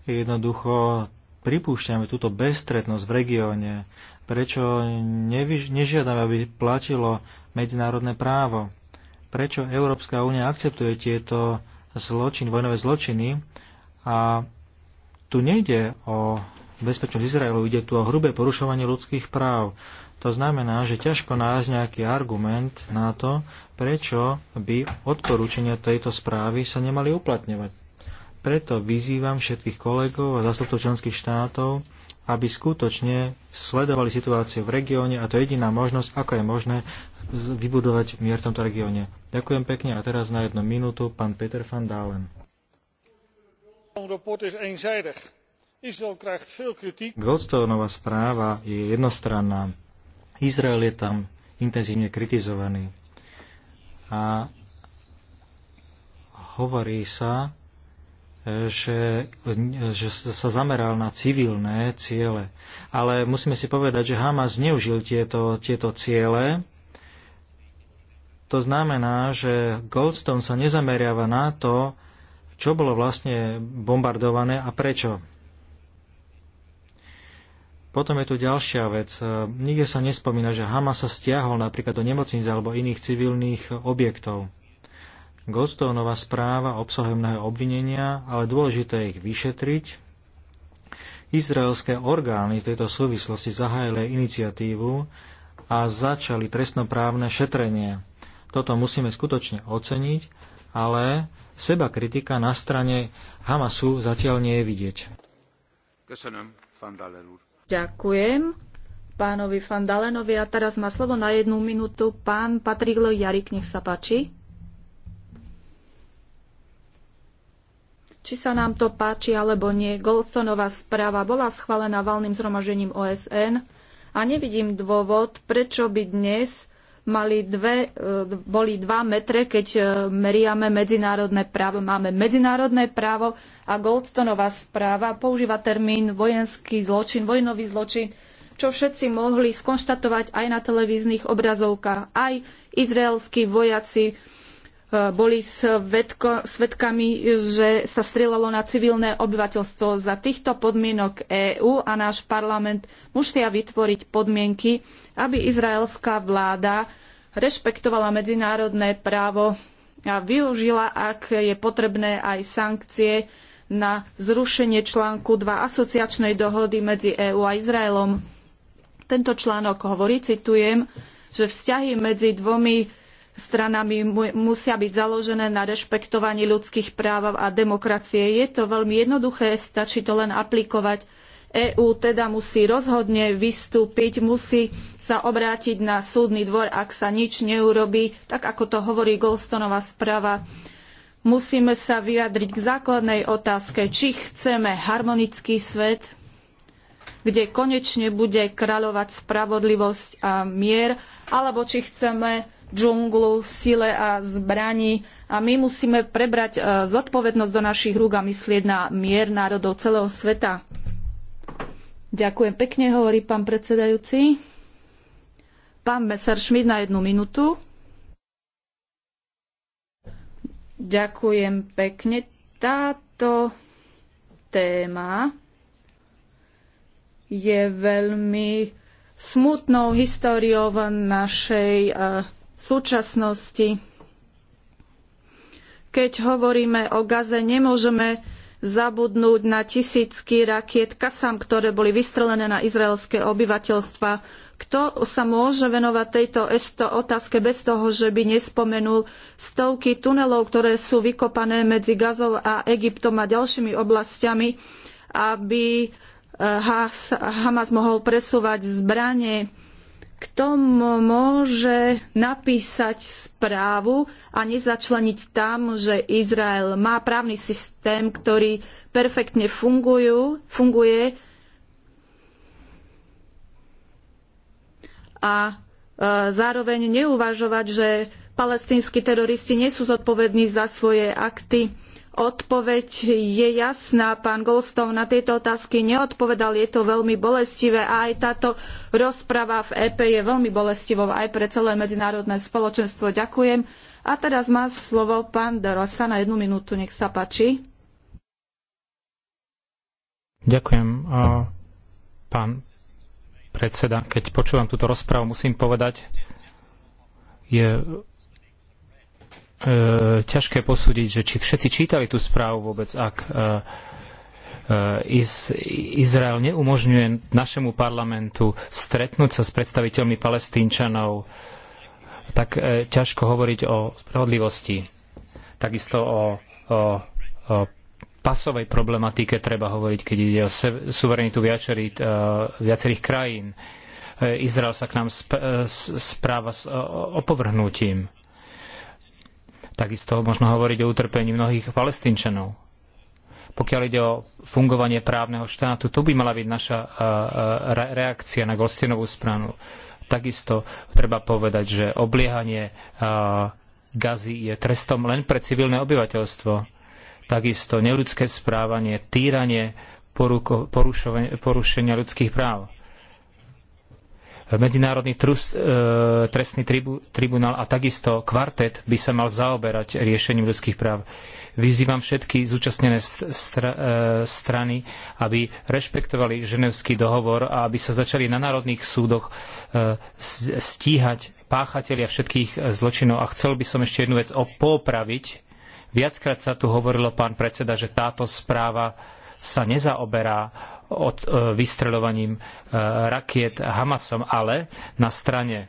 jednoducho pripúšťame túto bestretnosť v regióne? Prečo nežiadame, aby platilo medzinárodné právo? Prečo Európska únia akceptuje tieto zločin, vojnové zločiny a tu nejde o bezpečnosť Izraelu, ide tu o hrubé porušovanie ľudských práv. To znamená, že ťažko nájsť nejaký argument na to, prečo by odporúčania tejto správy sa nemali uplatňovať. Preto vyzývam všetkých kolegov a zastupcov členských štátov, aby skutočne sledovali situáciu v regióne a to je jediná možnosť, ako je možné vybudovať mier v tomto regióne. Ďakujem pekne a teraz na jednu minútu pán Peter van Dalen. Goldstoneová správa je jednostranná. Izrael je tam intenzívne kritizovaný. A hovorí sa, e, že, že sa zameral na civilné ciele. Ale musíme si povedať, že Hamas zneužil tieto, tieto ciele to znamená, že Goldstone sa nezameriava na to, čo bolo vlastne bombardované a prečo. Potom je tu ďalšia vec. Nikde sa nespomína, že Hamas sa stiahol napríklad do nemocnic alebo iných civilných objektov. Goldstoneová správa obsahuje mnohé obvinenia, ale dôležité je ich vyšetriť. Izraelské orgány v tejto súvislosti zahájili iniciatívu a začali trestnoprávne šetrenie. Toto musíme skutočne oceniť, ale seba kritika na strane Hamasu zatiaľ nie je vidieť. Ďakujem pánovi Fandalenovi a teraz má slovo na jednu minútu pán Patrik Jarik, nech sa páči. Či sa nám to páči alebo nie, Goldsonová správa bola schválená valným zhromažením OSN a nevidím dôvod, prečo by dnes mali dve, e, boli dva metre, keď e, meriame medzinárodné právo. Máme medzinárodné právo a Goldstonová správa používa termín vojenský zločin, vojnový zločin, čo všetci mohli skonštatovať aj na televíznych obrazovkách. Aj izraelskí vojaci E, boli svedkami, že sa strieľalo na civilné obyvateľstvo. Za týchto podmienok EÚ a náš parlament musia vytvoriť podmienky, aby izraelská vláda rešpektovala medzinárodné právo a využila, ak je potrebné, aj sankcie na zrušenie článku 2 asociačnej dohody medzi EÚ a Izraelom. Tento článok hovorí, citujem, že vzťahy medzi dvomi stranami musia byť založené na rešpektovaní ľudských práv a demokracie. Je to veľmi jednoduché, stačí to len aplikovať. EÚ teda musí rozhodne vystúpiť, musí sa obrátiť na súdny dvor, ak sa nič neurobí, tak ako to hovorí Goldstonová správa. Musíme sa vyjadriť k základnej otázke, či chceme harmonický svet, kde konečne bude kráľovať spravodlivosť a mier, alebo či chceme džunglu sile a zbraní a my musíme prebrať e, zodpovednosť do našich rúk a myslieť na mier národov celého sveta. Ďakujem pekne, hovorí pán predsedajúci. Pán Messerschmidt na jednu minútu. Ďakujem pekne. Táto téma je veľmi smutnou históriou našej e, súčasnosti. Keď hovoríme o Gaze, nemôžeme zabudnúť na tisícky rakiet Kasam, ktoré boli vystrelené na izraelské obyvateľstva. Kto sa môže venovať tejto otázke bez toho, že by nespomenul stovky tunelov, ktoré sú vykopané medzi Gazou a Egyptom a ďalšími oblastiami, aby eh, Hamas mohol presúvať zbranie kto môže napísať správu a nezačleniť tam, že Izrael má právny systém, ktorý perfektne fungujú, funguje a e, zároveň neuvažovať, že palestínsky teroristi nie sú zodpovední za svoje akty. Odpoveď je jasná, pán Goldstone na tieto otázky neodpovedal, je to veľmi bolestivé a aj táto rozprava v EP je veľmi bolestivou aj pre celé medzinárodné spoločenstvo. Ďakujem. A teraz má slovo pán Darosa na jednu minútu, nech sa páči. Ďakujem, pán predseda. Keď počúvam túto rozpravu, musím povedať, je E, ťažké posúdiť, že či všetci čítali tú správu vôbec, ak e, e, Iz, Izrael neumožňuje našemu parlamentu stretnúť sa s predstaviteľmi palestínčanov, tak ťažko hovoriť o spravodlivosti. Takisto o, o, o pasovej problematike treba hovoriť, keď ide o se, suverenitu viacerý, uh, viacerých krajín. Izrael sa k nám sp, správa s opovrhnutím Takisto možno hovoriť o utrpení mnohých palestínčanov. Pokiaľ ide o fungovanie právneho štátu, to by mala byť naša reakcia na Gostinovú stranu. Takisto treba povedať, že obliehanie Gazy je trestom len pre civilné obyvateľstvo. Takisto neľudské správanie, týranie, porušenia ľudských práv Medzinárodný e, trestný tribu, tribunál a takisto kvartet by sa mal zaoberať riešením ľudských práv. Vyzývam všetky zúčastnené e, strany, aby rešpektovali ženevský dohovor a aby sa začali na národných súdoch e, stíhať páchatelia všetkých zločinov. A chcel by som ešte jednu vec popraviť. Viackrát sa tu hovorilo, pán predseda, že táto správa sa nezaoberá od e, vystreľovaním e, rakiet Hamasom, ale na strane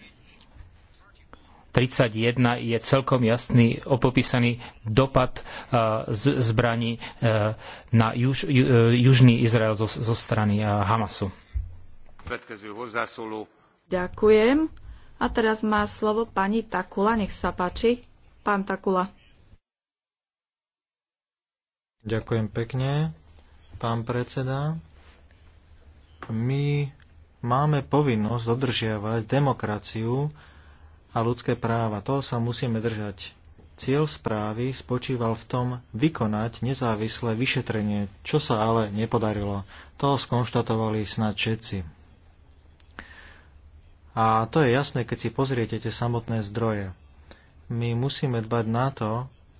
31 je celkom jasný popísaný dopad e, z zbraní na juž, južný Izrael zo, zo strany Hamasu. Ďakujem. A teraz má slovo pani Takula. Nech sa páči. Pán Takula. Ďakujem pekne, pán predseda my máme povinnosť dodržiavať demokraciu a ľudské práva. Toho sa musíme držať. Cieľ správy spočíval v tom vykonať nezávislé vyšetrenie, čo sa ale nepodarilo. To skonštatovali snad všetci. A to je jasné, keď si pozriete tie samotné zdroje. My musíme dbať na to,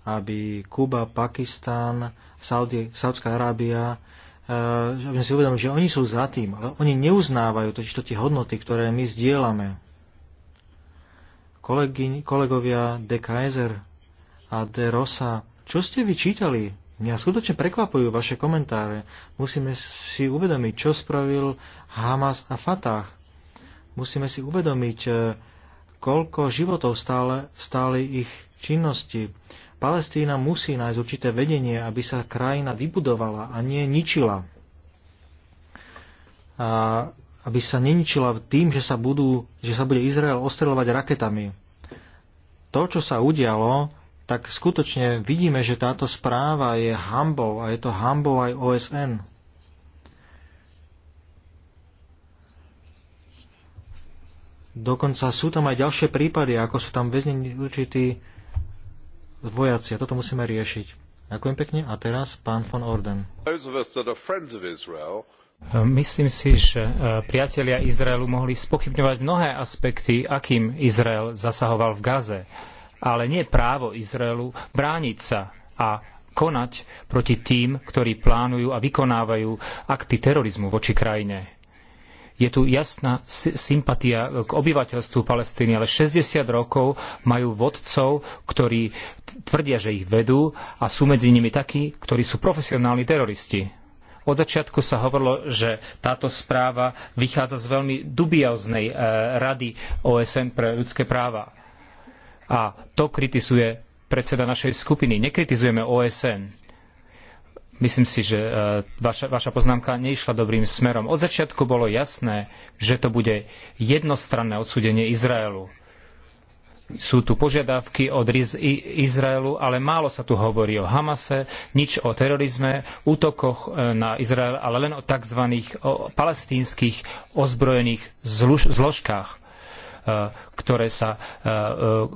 aby Kuba, Pakistán, Saudská Arábia, Eh, aby sme si uvedomili, že oni sú za tým, ale oni neuznávajú totižto tie hodnoty, ktoré my zdieľame. Kolegy, kolegovia de Kaiser a de Rosa, čo ste vyčítali? Mňa skutočne prekvapujú vaše komentáre. Musíme si uvedomiť, čo spravil Hamas a Fatah. Musíme si uvedomiť, eh, koľko životov stále, stále ich činnosti. Palestína musí nájsť určité vedenie, aby sa krajina vybudovala a nie ničila. A aby sa neničila tým, že sa, budú, že sa bude Izrael ostreľovať raketami. To, čo sa udialo, tak skutočne vidíme, že táto správa je hambou a je to hambou aj OSN. Dokonca sú tam aj ďalšie prípady, ako sú tam väznení určití vojaci a toto musíme riešiť. Ďakujem pekne a teraz pán von Orden. Myslím si, že e, priatelia Izraelu mohli spochybňovať mnohé aspekty, akým Izrael zasahoval v Gaze. Ale nie právo Izraelu brániť sa a konať proti tým, ktorí plánujú a vykonávajú akty terorizmu voči krajine je tu jasná sympatia e, k obyvateľstvu Palestíny, ale 60 rokov majú vodcov, ktorí tvrdia, že ich vedú a sú medzi nimi takí, ktorí sú profesionálni teroristi. Od začiatku sa hovorilo, že táto správa vychádza z veľmi dubioznej e, rady OSN pre ľudské práva. A to kritizuje predseda našej skupiny. Nekritizujeme OSN Myslím si, že e, vaša, vaša poznámka neišla dobrým smerom. Od začiatku bolo jasné, že to bude jednostranné odsúdenie Izraelu. Sú tu požiadavky od Izraelu, ale málo sa tu hovorí o Hamase, nič o terorizme, útokoch e, na Izrael, ale len o tzv. palestínskych ozbrojených zložkách e, ktoré sa...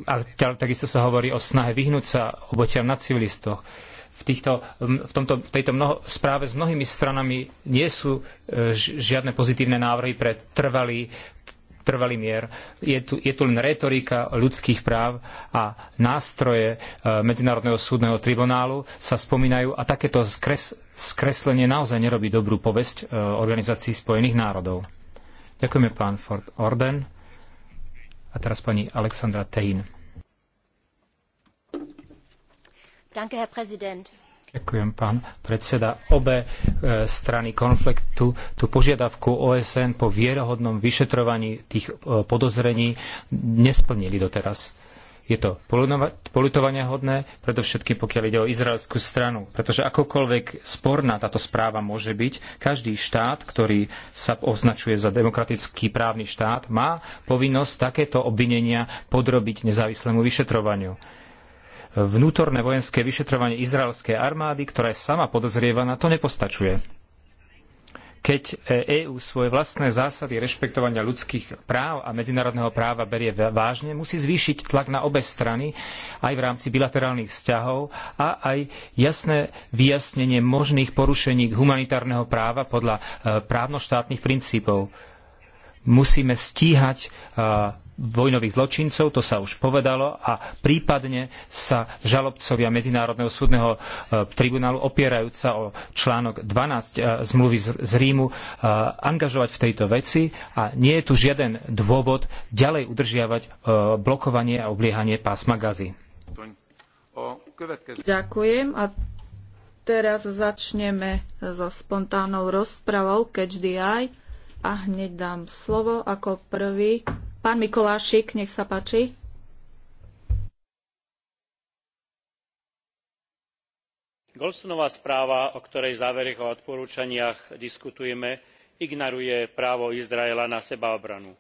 A takisto sa hovorí o snahe vyhnúť sa obotiam na civilistoch v, týchto, v, tomto, v tejto mnoho, správe s mnohými stranami nie sú e, žiadne pozitívne návrhy pre trvalý, trvalý mier. Je tu, je tu len retorika ľudských práv a nástroje e, Medzinárodného súdneho tribunálu sa spomínajú a takéto skres, skreslenie naozaj nerobí dobrú povesť e, organizácii spojených národov. Ďakujeme pán Ford Orden. A teraz pani Alexandra Tein. Danke, Herr Präsident. Ďakujem, pán predseda. Obe e, strany konfliktu tú požiadavku OSN po vierohodnom vyšetrovaní tých e, podozrení nesplnili doteraz. Je to politovania hodné, predovšetkým pokiaľ ide o izraelskú stranu, pretože akokoľvek sporná táto správa môže byť, každý štát, ktorý sa označuje za demokratický právny štát, má povinnosť takéto obvinenia podrobiť nezávislému vyšetrovaniu vnútorné vojenské vyšetrovanie izraelskej armády, ktorá je sama podozrievaná, to nepostačuje. Keď EÚ e svoje vlastné zásady rešpektovania ľudských práv a medzinárodného práva berie vážne, musí zvýšiť tlak na obe strany aj v rámci bilaterálnych vzťahov a aj jasné vyjasnenie možných porušení humanitárneho práva podľa e, právnoštátnych princípov. Musíme stíhať e, vojnových zločincov, to sa už povedalo, a prípadne sa žalobcovia Medzinárodného súdneho e, tribunálu, opierajúca o článok 12 e, zmluvy z Rímu, e, angažovať v tejto veci a nie je tu žiaden dôvod ďalej udržiavať blokovanie a obliehanie pásma gazy. Ďakujem a teraz začneme so spontánnou rozpravou Catch the Eye a hneď dám slovo ako prvý Pán Mikolášik, nech sa páči. Golsonová správa, o ktorej záverech o odporúčaniach diskutujeme, ignoruje právo Izraela na sebaobranu.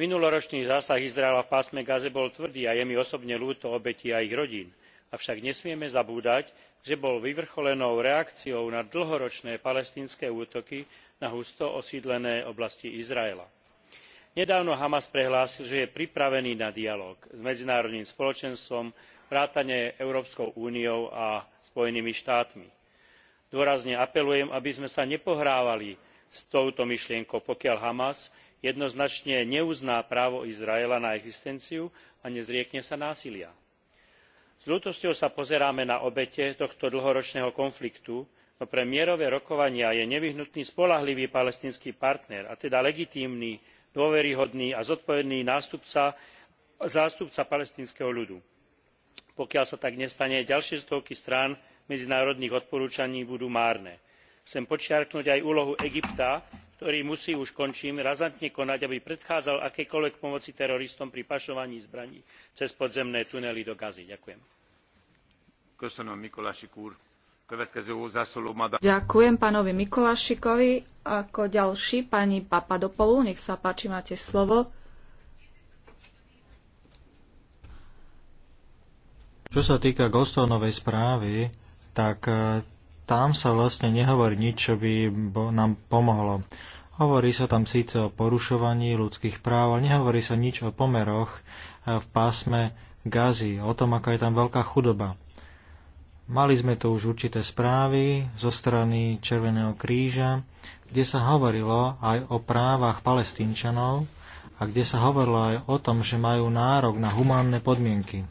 Minuloročný zásah Izraela v pásme Gaze bol tvrdý a je mi osobne ľúto obeti a ich rodín. Avšak nesmieme zabúdať, že bol vyvrcholenou reakciou na dlhoročné palestínske útoky na husto osídlené oblasti Izraela nedávno hamas prehlásil že je pripravený na dialóg s medzinárodným spoločenstvom vrátane európskej únie a spojenými štátmi. dôrazne apelujem aby sme sa nepohrávali s touto myšlienkou pokiaľ hamas jednoznačne neuzná právo izraela na existenciu a nezriekne sa násilia. s ľútosťou sa pozeráme na obete tohto dlhoročného konfliktu no pre mierové rokovania je nevyhnutný spoľahlivý palestínsky partner a teda legitímny dôveryhodný a zodpovedný zástupca palestínskeho ľudu. pokiaľ sa tak nestane ďalšie stovky strán medzinárodných odporúčaní budú márne. chcem podčiarknuť aj úlohu egypta ktorý musí už končím razantne konať aby predchádzal akejkoľvek pomoci teroristom pri pašovaní zbraní cez podzemné tunely do gazy. ďakujem. Ďakujem pánovi Mikolašikovi. Ako ďalší pani Papadopoulou, nech sa páči, máte slovo. Čo sa týka Gostonovej správy, tak e, tam sa vlastne nehovorí nič, čo by nám pomohlo. Hovorí sa tam síce o porušovaní ľudských práv, ale nehovorí sa nič o pomeroch e, v pásme Gazy, o tom, aká je tam veľká chudoba. Mali sme tu už určité správy zo strany Červeného kríža, kde sa hovorilo aj o právach palestínčanov a kde sa hovorilo aj o tom, že majú nárok na humánne podmienky.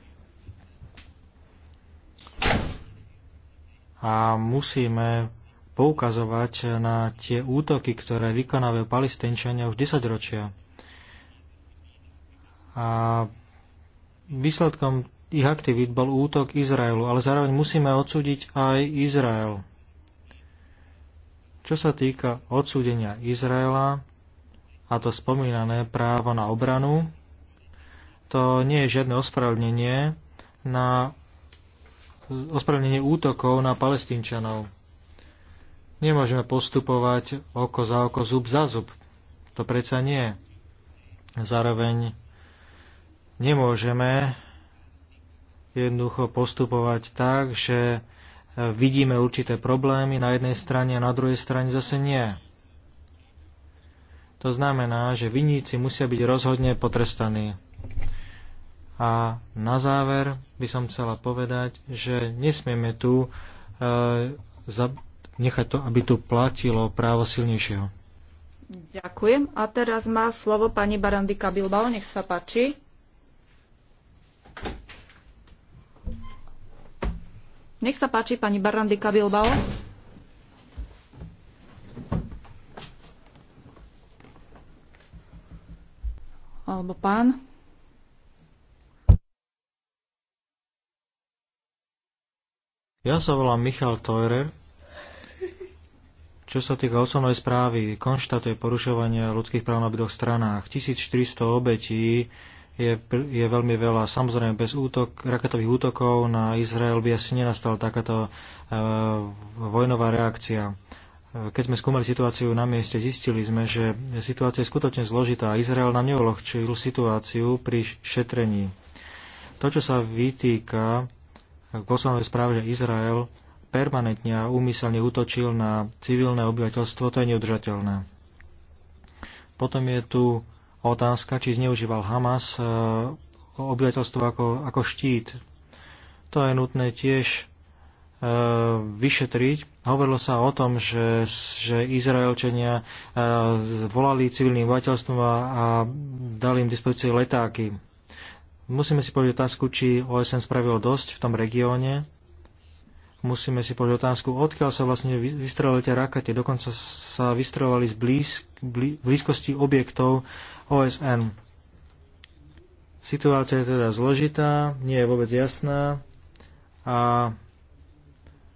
A musíme poukazovať na tie útoky, ktoré vykonávajú palestinčania už 10 ročia. A výsledkom ich aktivít bol útok Izraelu, ale zároveň musíme odsúdiť aj Izrael. Čo sa týka odsúdenia Izraela a to spomínané právo na obranu, to nie je žiadne ospravedlnenie na ospravedlnenie útokov na palestínčanov. Nemôžeme postupovať oko za oko, zub za zub. To predsa nie. Zároveň nemôžeme jednoducho postupovať tak, že e, vidíme určité problémy na jednej strane a na druhej strane zase nie. To znamená, že vinníci musia byť rozhodne potrestaní. A na záver by som chcela povedať, že nesmieme tu e, za, nechať to, aby tu platilo právo silnejšieho. Ďakujem. A teraz má slovo pani Barandika Bilbao. Nech sa páči. Nech sa páči, pani Barandika Bilbao. Alebo pán. Ja sa volám Michal Teurer. Čo sa týka osobnej správy, konštatuje porušovanie ľudských práv na obidvoch stranách. 1400 obetí je, je veľmi veľa. Samozrejme, bez útok, raketových útokov na Izrael by asi nenastala takáto e, vojnová reakcia. E, keď sme skúmali situáciu na mieste, zistili sme, že situácia je skutočne zložitá. Izrael nám neolohčil situáciu pri šetrení. To, čo sa vytýka v poslednej správe, že Izrael permanentne a úmyselne útočil na civilné obyvateľstvo, to je neudržateľné. Potom je tu otázka, či zneužíval Hamas e, obyvateľstvo ako, ako štít. To je nutné tiež e, vyšetriť. Hovorilo sa o tom, že, že Izraelčania e, volali civilným obyvateľstvom a, a dali im dispozície letáky. Musíme si povedať otázku, či OSN spravil dosť v tom regióne. Musíme si povedať otázku, odkiaľ sa vlastne vystrelili tie rakety. Dokonca sa vystrelovali z blízk, blízkosti objektov, OSN. Situácia je teda zložitá, nie je vôbec jasná a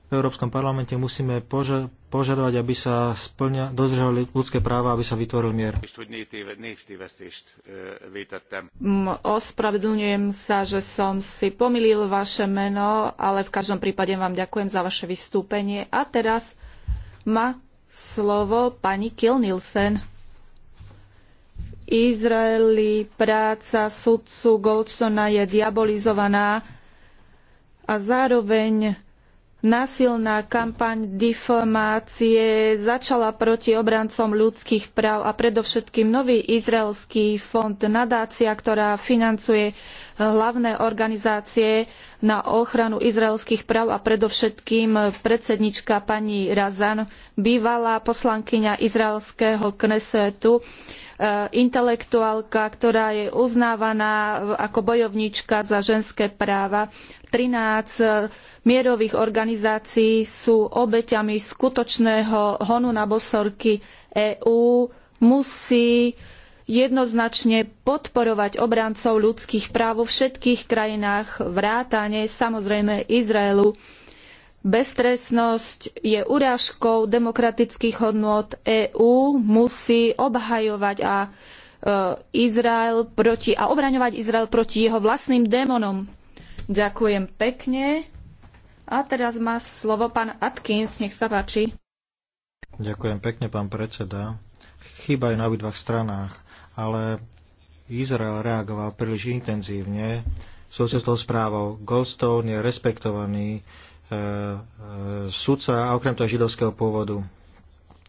v Európskom parlamente musíme poža- požadovať, aby sa splňa, dodržali ľudské práva, aby sa vytvoril mier. Ospravedlňujem sa, že som si pomýlil vaše meno, ale v každom prípade vám ďakujem za vaše vystúpenie. A teraz má slovo pani Kiel Nielsen. Izraeli práca sudcu Goldstona je diabolizovaná a zároveň násilná kampaň difamácie začala proti obrancom ľudských práv a predovšetkým nový izraelský fond nadácia, ktorá financuje hlavné organizácie na ochranu izraelských práv a predovšetkým predsednička pani Razan, bývalá poslankyňa izraelského Knesetu Eh, intelektuálka, ktorá je uznávaná ako bojovníčka za ženské práva. 13 eh, mierových organizácií sú obeťami skutočného honu na bosorky EÚ. Musí jednoznačne podporovať obrancov ľudských práv vo všetkých krajinách vrátane samozrejme Izraelu. Bestresnosť je urážkou demokratických hodnôt EÚ, musí obhajovať a e, Izrael proti a obraňovať Izrael proti jeho vlastným démonom. Ďakujem pekne. A teraz má slovo pán Atkins, nech sa páči. Ďakujem pekne, pán predseda. Chýba je na obidvoch stranách, ale Izrael reagoval príliš intenzívne. Súvislo správou Goldstone je respektovaný E, e, sudca a okrem toho židovského pôvodu.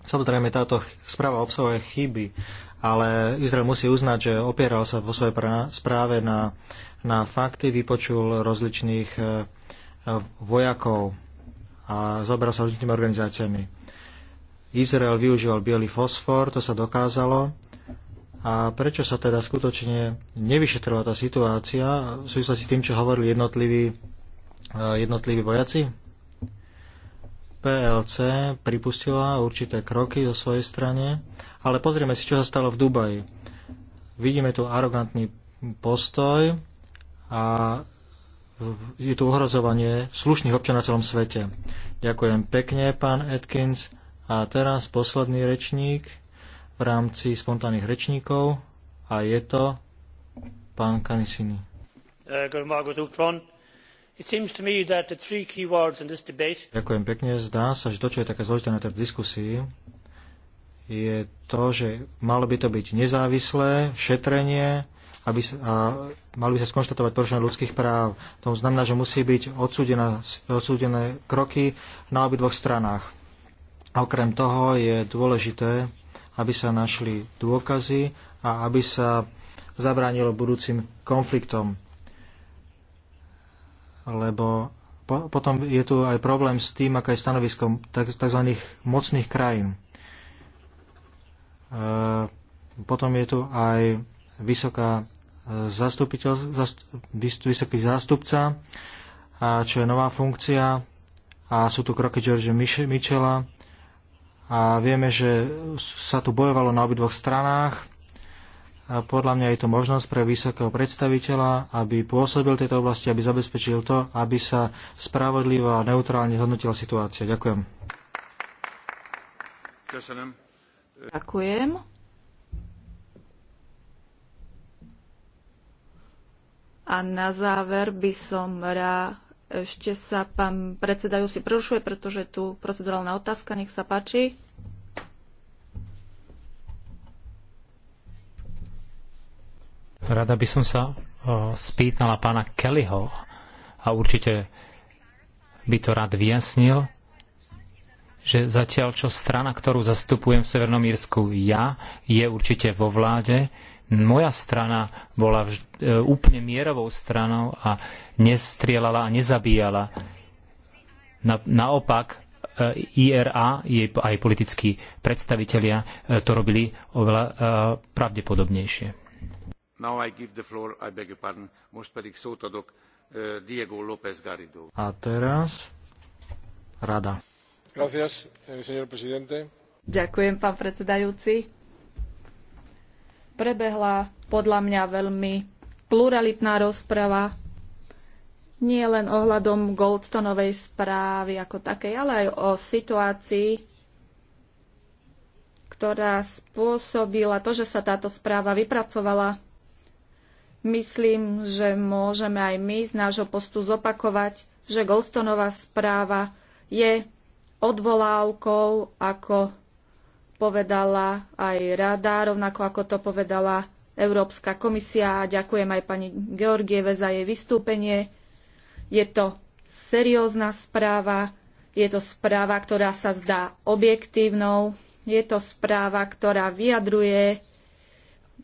Samozrejme, táto správa obsahuje chyby, ale Izrael musí uznať, že opieral sa vo svojej správe na, na fakty, vypočul rozličných e, vojakov a zobral sa rozličnými organizáciami. Izrael využíval biely fosfor, to sa dokázalo. A prečo sa teda skutočne nevyšetrila tá situácia v súvislosti s tým, čo hovorili jednotliví Eh, jednotliví vojaci? PLC pripustila určité kroky zo svojej strane, ale pozrieme si, čo sa stalo v Dubaji. Vidíme tu arogantný postoj a je tu ohrozovanie slušných občanov na celom svete. Ďakujem pekne, pán Atkins. A teraz posledný rečník v rámci spontánnych rečníkov a je to pán Kanisini. Ďakujem, eh, Ďakujem pekne. Zdá sa, že to, čo je také zložité na tej diskusii, je to, že malo by to byť nezávislé šetrenie aby sa, a mali by sa skonštatovať porušenie ľudských práv. To znamená, že musí byť odsúdené kroky na obidvoch stranách. A okrem toho je dôležité, aby sa našli dôkazy a aby sa zabránilo budúcim konfliktom lebo po, potom je tu aj problém s tým, aká je stanovisko tzv. mocných krajín. E, potom je tu aj vysoká e, zastupiteľ, zast, vysoký zástupca, a čo je nová funkcia, a sú tu kroky George Michela. A vieme, že sa tu bojovalo na obidvoch stranách a podľa mňa je to možnosť pre vysokého predstaviteľa, aby pôsobil tejto oblasti, aby zabezpečil to, aby sa spravodlivo a neutrálne hodnotila situácia. Ďakujem. Ďakujem. A na záver by som rád ešte sa pán predsedajúci prerušuje, pretože tu procedurálna otázka. Nech sa páči. Rada by som sa spýtala pána Kellyho a určite by to rád vyjasnil, že zatiaľ čo strana, ktorú zastupujem v Severnom Írsku ja, je určite vo vláde, moja strana bola vž- e, úplne mierovou stranou a nestrielala a nezabíjala. Na- naopak, e, IRA, jej aj politickí predstavitelia e, to robili oveľa pravdepodobnejšie adok, eh, Ďakujem, pán predsedajúci. Prebehla podľa mňa veľmi pluralitná rozprava, nie len ohľadom Goldstonovej správy ako takej, ale aj o situácii ktorá spôsobila to, že sa táto správa vypracovala. Myslím, že môžeme aj my z nášho postu zopakovať, že Goldstonová správa je odvolávkou, ako povedala aj rada, rovnako ako to povedala Európska komisia a ďakujem aj pani Georgieve za jej vystúpenie. Je to seriózna správa, je to správa, ktorá sa zdá objektívnou, je to správa, ktorá vyjadruje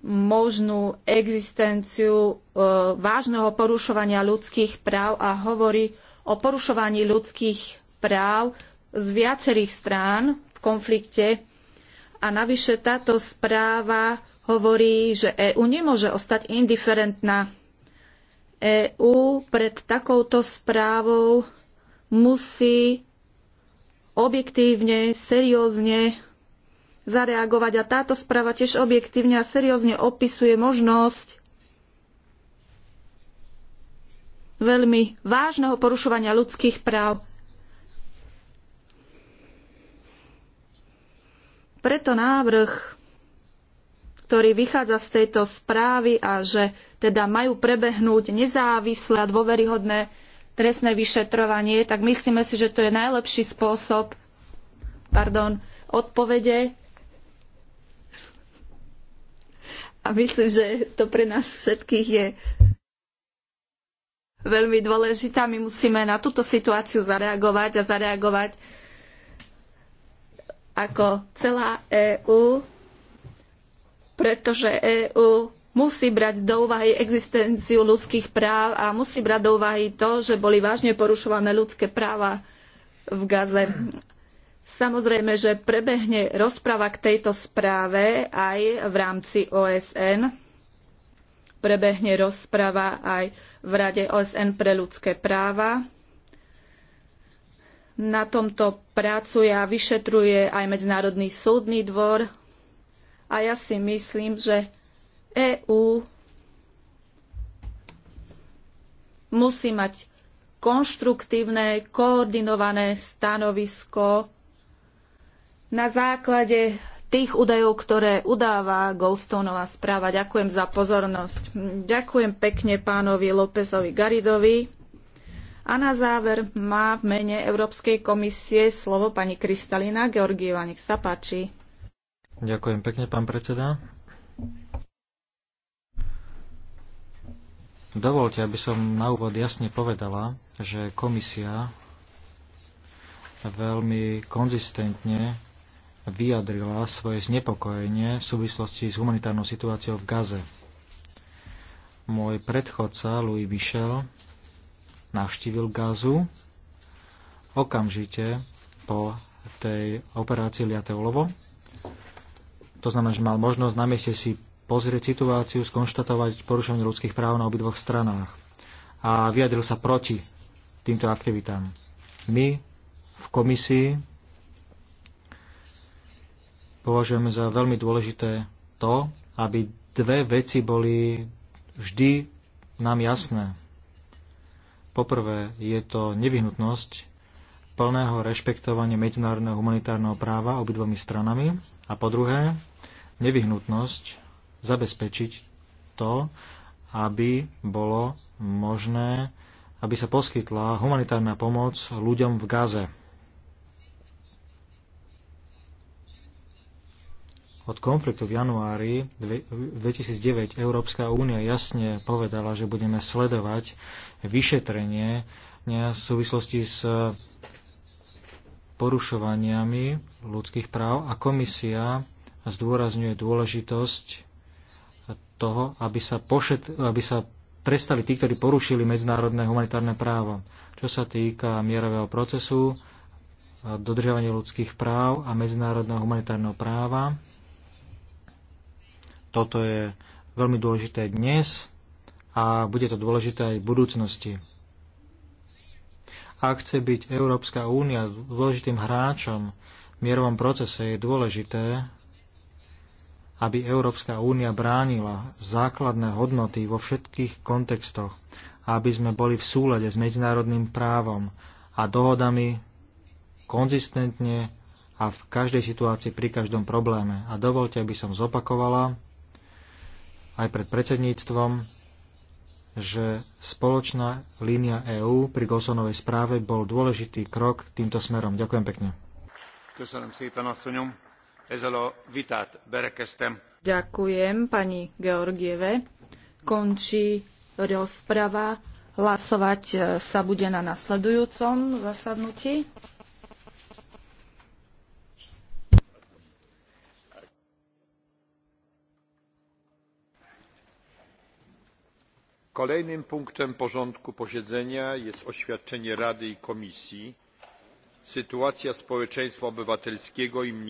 možnú existenciu e, vážneho porušovania ľudských práv a hovorí o porušovaní ľudských práv z viacerých strán v konflikte. A navyše táto správa hovorí, že EÚ nemôže ostať indiferentná. EÚ pred takouto správou musí objektívne, seriózne zareagovať a táto správa tiež objektívne a seriózne opisuje možnosť veľmi vážneho porušovania ľudských práv. Preto návrh, ktorý vychádza z tejto správy a že teda majú prebehnúť nezávislé a dôveryhodné trestné vyšetrovanie, tak myslíme si, že to je najlepší spôsob pardon, odpovede A myslím, že to pre nás všetkých je veľmi dôležité. My musíme na túto situáciu zareagovať a zareagovať ako celá EÚ, pretože EÚ musí brať do úvahy existenciu ľudských práv a musí brať do úvahy to, že boli vážne porušované ľudské práva v Gaze. Samozrejme, že prebehne rozprava k tejto správe aj v rámci OSN. Prebehne rozprava aj v Rade OSN pre ľudské práva. Na tomto pracuje a vyšetruje aj Medzinárodný súdny dvor. A ja si myslím, že EÚ musí mať konštruktívne, koordinované stanovisko na základe tých údajov, ktoré udáva Goldstoneová správa. Ďakujem za pozornosť. Ďakujem pekne pánovi Lópezovi Garidovi. A na záver má v mene Európskej komisie slovo pani Kristalina Georgieva. Nech sa páči. Ďakujem pekne, pán predseda. Dovolte, aby som na úvod jasne povedala, že komisia veľmi konzistentne vyjadrila svoje znepokojenie v súvislosti s humanitárnou situáciou v Gaze. Môj predchodca Louis Michel navštívil Gazu okamžite po tej operácii Liateolovo. To znamená, že mal možnosť na mieste si pozrieť situáciu, skonštatovať porušenie ľudských práv na obidvoch stranách a vyjadril sa proti týmto aktivitám. My v komisii Považujeme za veľmi dôležité to, aby dve veci boli vždy nám jasné. Poprvé je to nevyhnutnosť plného rešpektovania medzinárodného humanitárneho práva obidvomi stranami a po druhé nevyhnutnosť zabezpečiť to, aby bolo možné, aby sa poskytla humanitárna pomoc ľuďom v Gaze. od konfliktu v januári 2009 Európska únia jasne povedala, že budeme sledovať vyšetrenie v súvislosti s porušovaniami ľudských práv a komisia zdôrazňuje dôležitosť toho, aby sa, pošet, aby sa trestali tí, ktorí porušili medzinárodné humanitárne právo. Čo sa týka mierového procesu, dodržiavania ľudských práv a medzinárodného humanitárneho práva, toto je veľmi dôležité dnes a bude to dôležité aj v budúcnosti. Ak chce byť Európska únia dôležitým hráčom v mierovom procese, je dôležité, aby Európska únia bránila základné hodnoty vo všetkých kontextoch, aby sme boli v súlade s medzinárodným právom a dohodami konzistentne a v každej situácii pri každom probléme. A dovolte, aby som zopakovala, aj pred predsedníctvom, že spoločná línia EÚ pri Gosonovej správe bol dôležitý krok týmto smerom. Ďakujem pekne. Ďakujem pani Georgieve. Končí rozprava. Hlasovať eh, sa bude na nasledujúcom zasadnutí. kolejnym punktem porządku posiedzenia jest oświadczenie rady i komisji sytuacja społeczeństwa obywatelskiego i